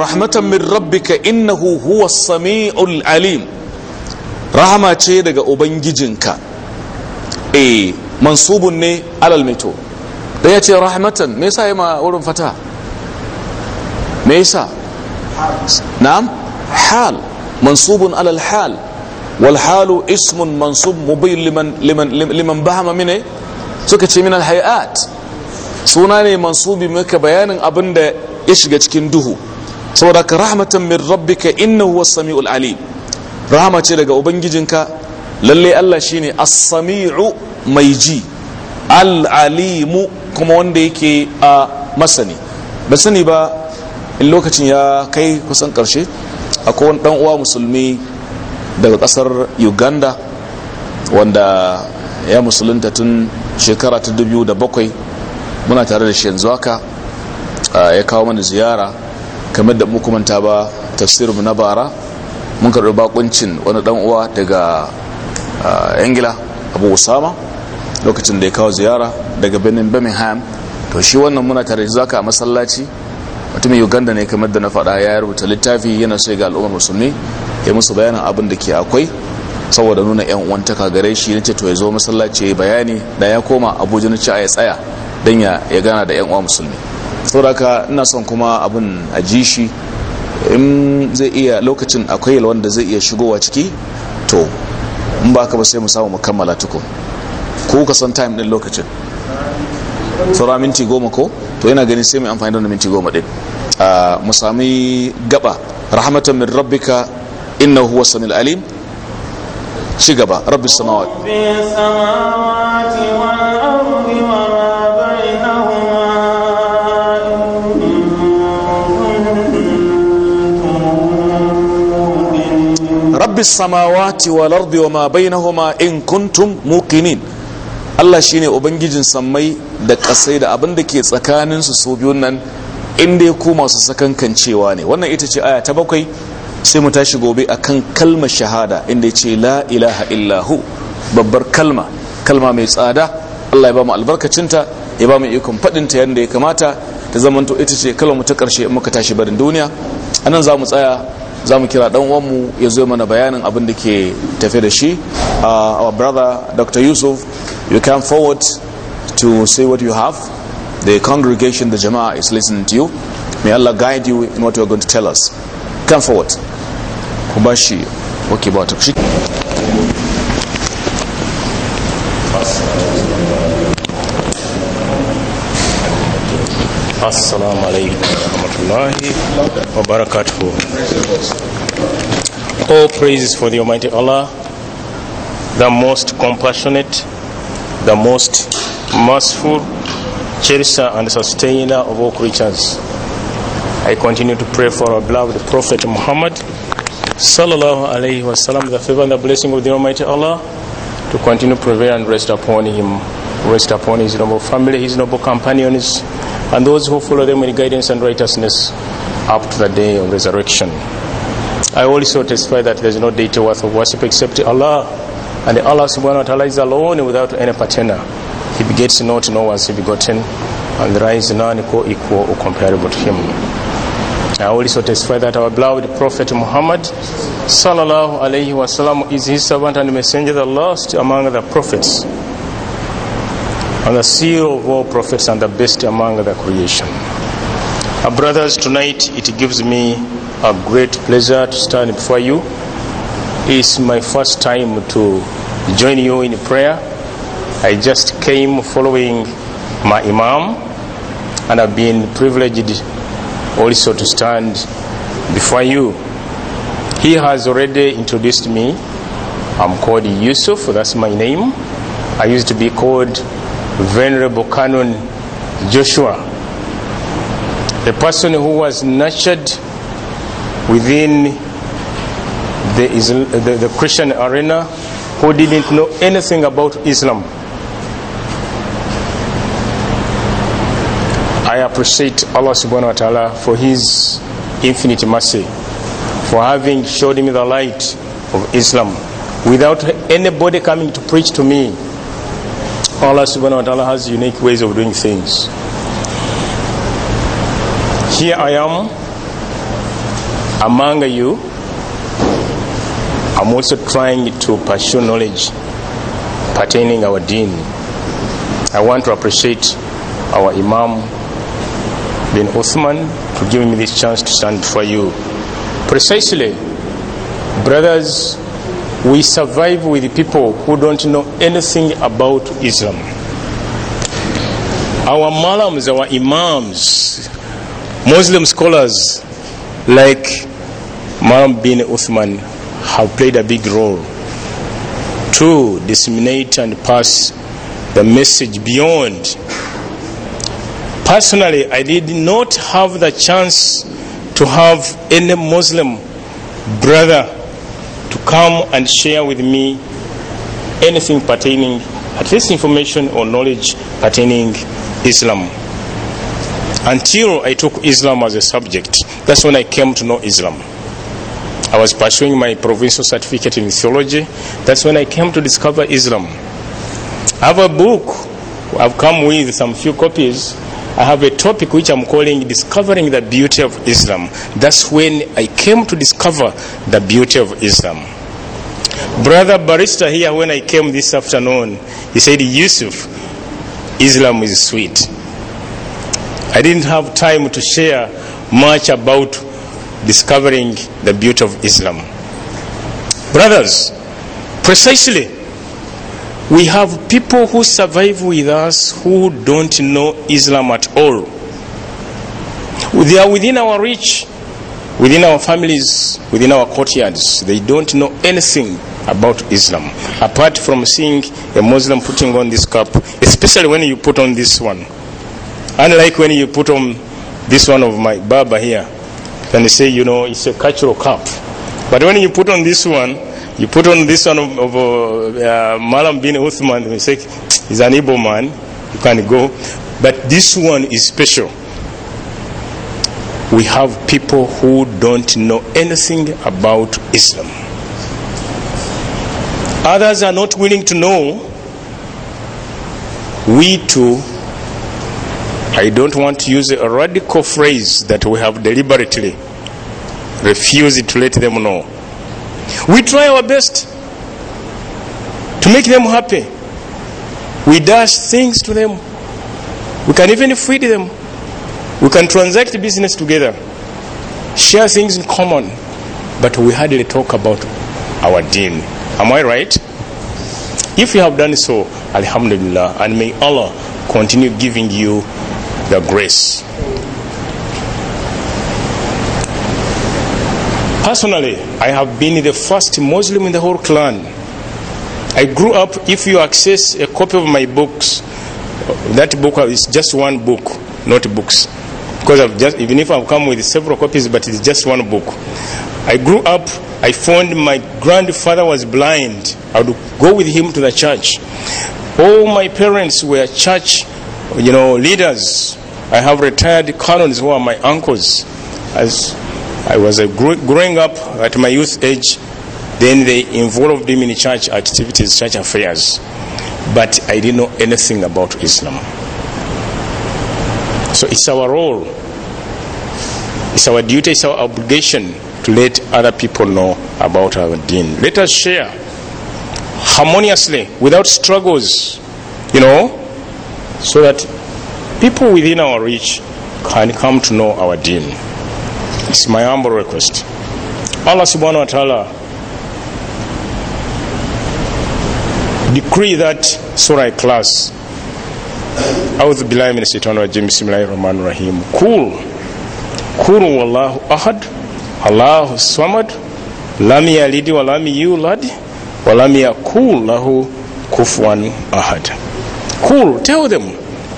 rahmatan min rabbika innahu huwas samiul alim rahama ce daga ubangijinka e mansubun ne alal mito da ya ce rahmatan me yasa ma wurin fata me yasa na'am hal mansubun alal hal wal halu ismun mansub mubayyin liman liman liman bahama mine suka ce min al hayat suna ne mansubi maka bayanin abin da ya shiga cikin duhu saboda ka rahmatan min rabbika innahu was samiul alim rahama ce daga ubangijinka lalle Allah shine ne samiu mai ji al'alimu kuma wanda yake a masani ba sani ba in lokacin ya kai kusan karshe akwai wani dan uwa musulmi daga kasar Uganda wanda ya musulunta tun shekara ta dubu da bakwai muna tare da shi yanzu haka ya kawo mana ziyara kamar da mukumanta ba tafsirinmu na bara mun karɓi bakuncin wani dan uwa daga ingila abu usama lokacin da ya kawo ziyara daga birnin birmingham to shi wannan muna tare da zaka a masallaci mutumin uganda ne kamar da na faɗa ya rubuta littafi yana sai ga al'ummar musulmi ya musu bayanin abin da ke akwai saboda nuna yan uwantaka gare shi ce to ya zo masallaci ya bayani da ya koma abuja na ci a ya tsaya don ya gana da yan uwa musulmi saboda ina son kuma abin a ji shi in zai iya lokacin akwai wanda zai iya shigowa ciki to in ba ka ba sai mu samu mu kammala tukun ko ka san time din lokacin tsara minti goma ko to yana ganin sai mai amfani da minti goma din mu sami gaba rahmatan min rabbika inna huwa samil alim ci gaba rabbi samawati rabbis samawati wal ardi wa ma bainahuma in kuntum muqinin Allah shine ubangijin sammai da kasai da abin da ke tsakanin su so biyun nan inda ya ku masu cewa ne wannan ita ce aya ta bakwai sai mu tashi gobe a kan kalma shahada inda ya ce la ilaha illahu babbar kalma kalma mai tsada Allah ya ba mu albarkacinta ya ba mu ikon faɗinta yadda ya kamata ta zamanto ita ce kalma mu ta ƙarshe in muka tashi barin duniya anan za mu tsaya za mu kira dan uwanmu ya zo mana bayanin abin da ke tafe da shi uh, our brother dr yusuf you come forward to say what you have the congregation the jama'a is listening to you may allah guide you in what you are going to tell us come forward ku shi wake ba assalamu alaikum wa rahmatullahi All praises for the Almighty Allah, the most compassionate, the most merciful, cherisher and sustainer of all creatures. I continue to pray for our beloved Prophet Muhammad, sallallahu alaihi wasallam, the favor and the blessing of the Almighty Allah, to continue prevail and rest upon him Rest upon his noble family, his noble companions, and those who follow them in guidance and righteousness up to the day of resurrection. I also testify that there is no deity worth of worship except Allah, and Allah subhanahu wa ta'ala is alone without any partner. He begets not, no one is begotten, and there is none co-equal or comparable to him. I also testify that our beloved Prophet Muhammad sallallahu alayhi wasallam is his servant and messenger, the last among the prophets and the seal of all prophets and the best among the creation. Our brothers, tonight it gives me a great pleasure to stand before you. It's my first time to join you in prayer. I just came following my Imam and I've been privileged also to stand before you. He has already introduced me. I'm called Yusuf, that's my name. I used to be called Venerable Canon Joshua, a person who was nurtured within the, the, the Christian arena, who didn't know anything about Islam. I appreciate Allah subhanahu wa ta'ala for His infinite mercy, for having showed me the light of Islam without anybody coming to preach to me Allah subhanahu wa ta'ala has unique ways of doing things. Here I am among you. I'm also trying to pursue knowledge pertaining our deen. I want to appreciate our Imam bin Uthman for giving me this chance to stand before you. Precisely, brothers we survive with people who don't know anything about Islam. Our malams, our imams, Muslim scholars like Maram bin Uthman have played a big role to disseminate and pass the message beyond. Personally, I did not have the chance to have any Muslim brother to come and share with me anything pertaining, at least information or knowledge pertaining Islam. Until I took Islam as a subject, that's when I came to know Islam. I was pursuing my provincial certificate in theology. That's when I came to discover Islam. I have a book. I've come with some few copies I have a topic which I'm calling Discovering the Beauty of Islam. That's when I came to discover the beauty of Islam. Brother Barista here, when I came this afternoon, he said, Yusuf, Islam is sweet. I didn't have time to share much about discovering the beauty of Islam. Brothers, precisely we have people who survive with us who don't know Islam at all. They are within our reach, within our families, within our courtyards. They don't know anything about Islam, apart from seeing a Muslim putting on this cap, especially when you put on this one. Unlike when you put on this one of my barber here, and they say, you know, it's a cultural cap. But when you put on this one, you put on this one of, of uh, uh Malam bin Uthman, they say, he's an able man, you can't go. But this one is special. We have people who don't know anything about Islam. Others are not willing to know. We too, I don't want to use a radical phrase that we have deliberately refused to let them know we try our best to make them happy. We dash things to them. We can even feed them. We can transact business together, share things in common, but we hardly talk about our deen. Am I right? If you have done so, Alhamdulillah, and may Allah continue giving you the grace. Personally, I have been the first Muslim in the whole clan. I grew up, if you access a copy of my books, that book is just one book, not books. Because I've just, even if I've come with several copies, but it's just one book. I grew up, I found my grandfather was blind. I would go with him to the church. All my parents were church, you know, leaders. I have retired colonels who are my uncles. As I was gr- growing up at my youth age, then they involved me in church activities, church affairs. But I didn't know anything about Islam. So it's our role, it's our duty, it's our obligation to let other people know about our deen. Let us share harmoniously without struggles, you know, so that people within our reach can come to know our deen. It's my humble request. Allah subhanahu wa ta'ala decree that Surah Ikhlas أعوذ بالله من الشيطان الرجيم بسم الله الرحمن الرحيم قل قل والله أحد الله الصمد لم يلد ولم يولد ولم يكن له كفوا أحد قل tell them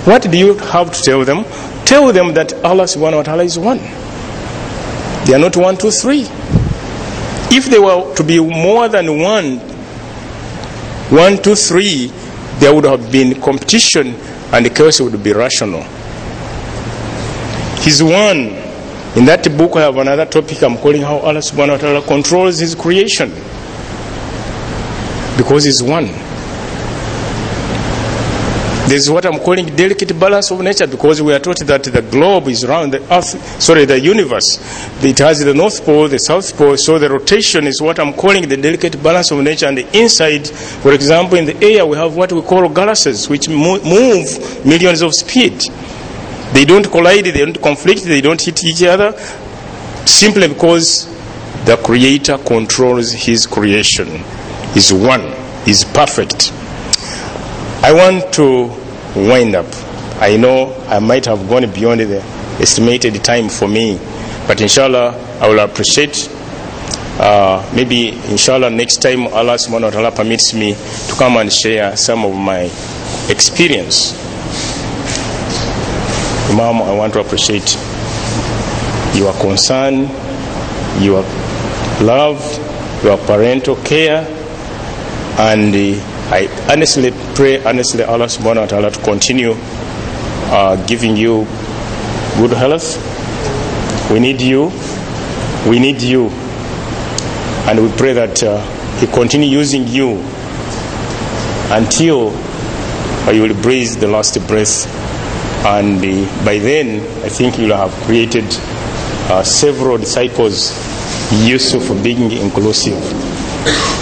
what do you have to tell them tell them that Allah subhanahu wa ta'ala is one they are not one, two, three. If they were to be more than one, one, two, three, there would have been competition and the chaos would be rational. He's one. In that book, I have another topic I'm calling How Allah subhanahu wa ta'ala controls His creation. Because He's one. This is what I'm calling delicate balance of nature because we are taught that the globe is round, the earth, sorry, the universe. It has the North Pole, the South Pole, so the rotation is what I'm calling the delicate balance of nature. And the inside, for example, in the air, we have what we call galaxies, which move millions of speed. They don't collide, they don't conflict, they don't hit each other, simply because the Creator controls His creation, is one, is perfect. I want to wind up. I know I might have gone beyond the estimated time for me, but inshallah, I will appreciate. Uh, maybe inshallah next time Allah subhanahu wa ta'ala permits me to come and share some of my experience. Imam, I want to appreciate your concern, your love, your parental care, and uh, I honestly pray, honestly, Allah subhanahu wa ta'ala to continue uh, giving you good health. We need you. We need you. And we pray that uh, He continue using you until uh, you will breathe the last breath. And uh, by then, I think you will have created uh, several disciples, Yusuf being inclusive.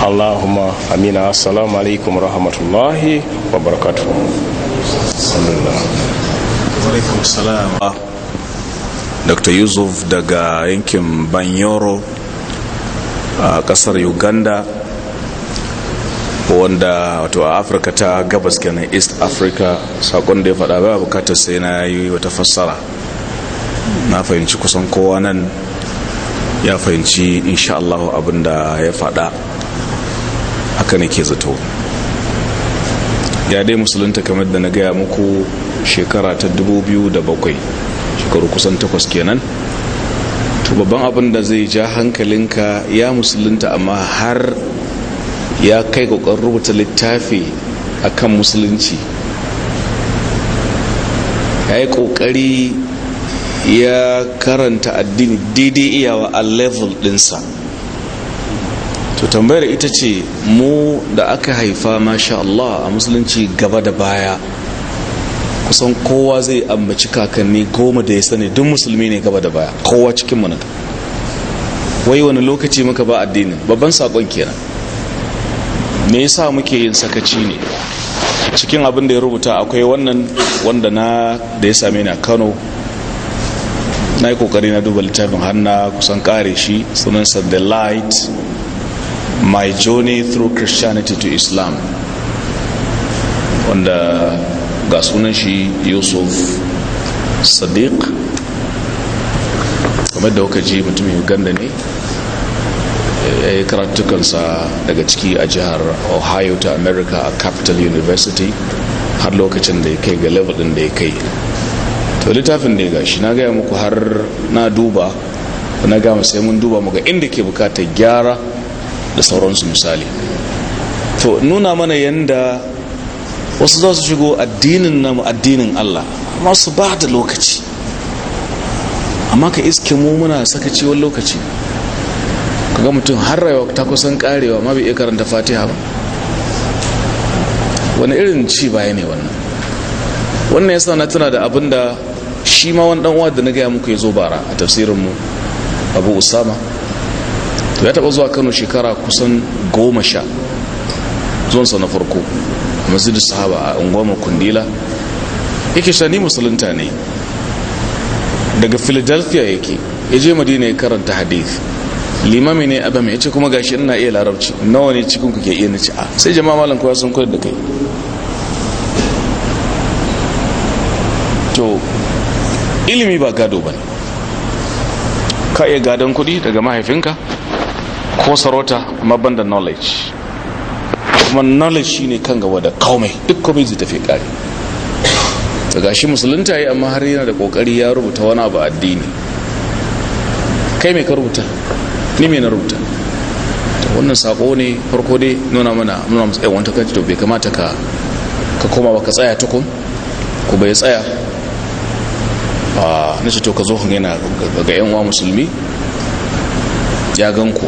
allahumma amina assalamu alaikum rahmatullahi wa dr yusuf daga yankin banyoro a kasar uganda wanda wato a afirka ta gabas kenan east africa saƙon da ya faɗa ba bukatar sai na yi wata fassara na fahimci kusan kowa nan ya fahimci inshaAllah abinda da ya faɗa haka ne ke zato ya dai musulunta kamar da na gaya muku shekara ta 2007 shekaru kusan takwas kenan to babban abin da zai ja hankalinka ya musulunta amma har ya kai kokon rubuta littafi akan musulunci ya yi kokari ya karanta addini daidai iyawa a level dinsa to tambayar ita ce mu da aka haifa masha Allah a musulunci gaba da baya kusan kowa zai ambaci kakanni goma da ya sani duk musulmi ne gaba da baya kowa cikin mu wai wani lokaci muka ba addinin babban sakon kenan me yasa muke yin sakaci ne cikin abin da ya rubuta akwai wannan wanda na da ya same ni a Kano na yi kokari na duba littafin hannu kusan kare shi sunan the light my journey through christianity to islam wanda ga sunan shi yusuf sadiq kamar da kuka ji mutumin uganda ne ya yi karatukansa daga ciki a jihar ohio ta america a capital university har lokacin da ya kai ga level din da ya kai to littafin da ya gashi na gaya muku har na duba na gama sai mun duba muga inda ke bukatar gyara da sauransu misali to nuna mana yadda wasu za su shigo addinin namu addinin Allah amma su ba da lokaci amma ka iske mu muna saka ciwon lokaci kaga mutum har rayuwa ta kusan karewa ma bai iya karanta fatiha ba wani irin ci baya ne wannan wannan yasa na tana da abin da shi ma wani dan uwa da na gaya muku ya zo bara a tafsirin mu abu usama to ya taba zuwa kano shekara kusan goma sha zuwansa na farko masjidin sahaba a unguwar kundila yake shani musulunta ne daga philadelphia yake ya je madina ya karanta hadith limami ne abam ya ce kuma gashi ina iya larabci nawa ne cikin ku ke iya nace a ah. sai jama'a malam kowa sun koyar da kai to ilimi ba gado ba ne ka iya gadon kuɗi daga mahaifinka ko sarauta amma ban da knowledge kuma knowledge shine kan gaba da komai duk komai zai tafi kare daga shi musulunta yi amma har yana da kokari ya rubuta wani abu addini kai mai ka rubuta ni mai na rubuta wannan sako ne farko dai nuna mana nuna musu yan wanta kanci to bai kamata ka ka koma ba ka tsaya tukun ku bai tsaya a ah, nace to ka zo yana ga yan wa musulmi ya gan ku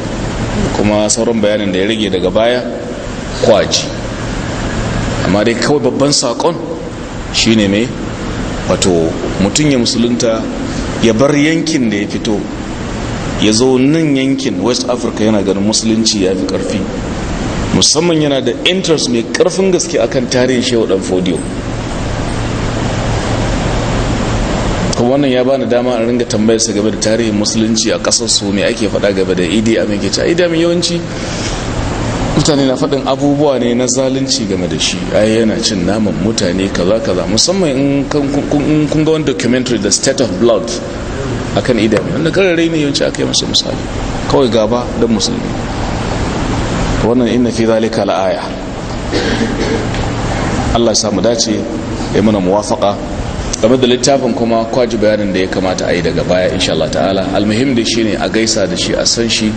kuma sauran bayanin da ya rage daga baya kwaji amma dai kawai babban sakon shine mai wato mutum ya musulunta ya bar yankin da ya fito ya zo nan yankin west africa yana ganin musulunci ya fi karfi musamman yana da interest mai karfin gaske akan tarihin shehu dan fodiyo wannan ya bani dama a ringa tambayar su game da tarihin musulunci a kasar su ne ake faɗa game da idi a ke a idi yawanci mutane na faɗin abubuwa ne na zalunci game da shi ai yana cin naman mutane kaza kaza musamman in kun ga wani documentary the state of blood akan mai wanda kararai ne yawanci aka yi masa misali kawai gaba don musulmi wannan inna fi zalika la'aya Allah ya samu dace ya mana muwafaqa game da littafin kuma kwaji bayanin da ya kamata a yi daga baya insha Allah ta'ala almuhim da shi ne a gaisa da shi a san shi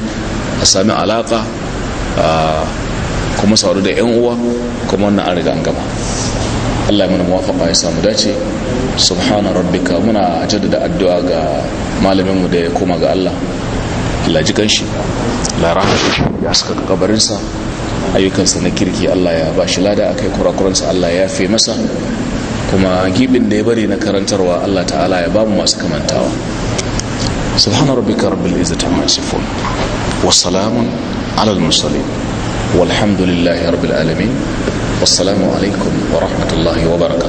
a sami alaka kuma sauru da yan uwa kuma wannan an riga an gama Allah mana muwafaqa ya samu dace subhana rabbika muna jaddada addu'a ga malamin mu da ya koma ga Allah Allah ji kanshi la rahmatu ya saka kabarinsa ayyukansa na kirki Allah ya bashi lada akai kurakuransa Allah ya fi masa kuma gibin da ya bari na karantarwa Allah ta'ala ya bamu masu kamantawa subhana rabbika rabbil izzati amma yasifun wa salamun ala al mursalin walhamdulillahi rabbil alamin wassalamu alaikum wa rahmatullahi wa barakatuh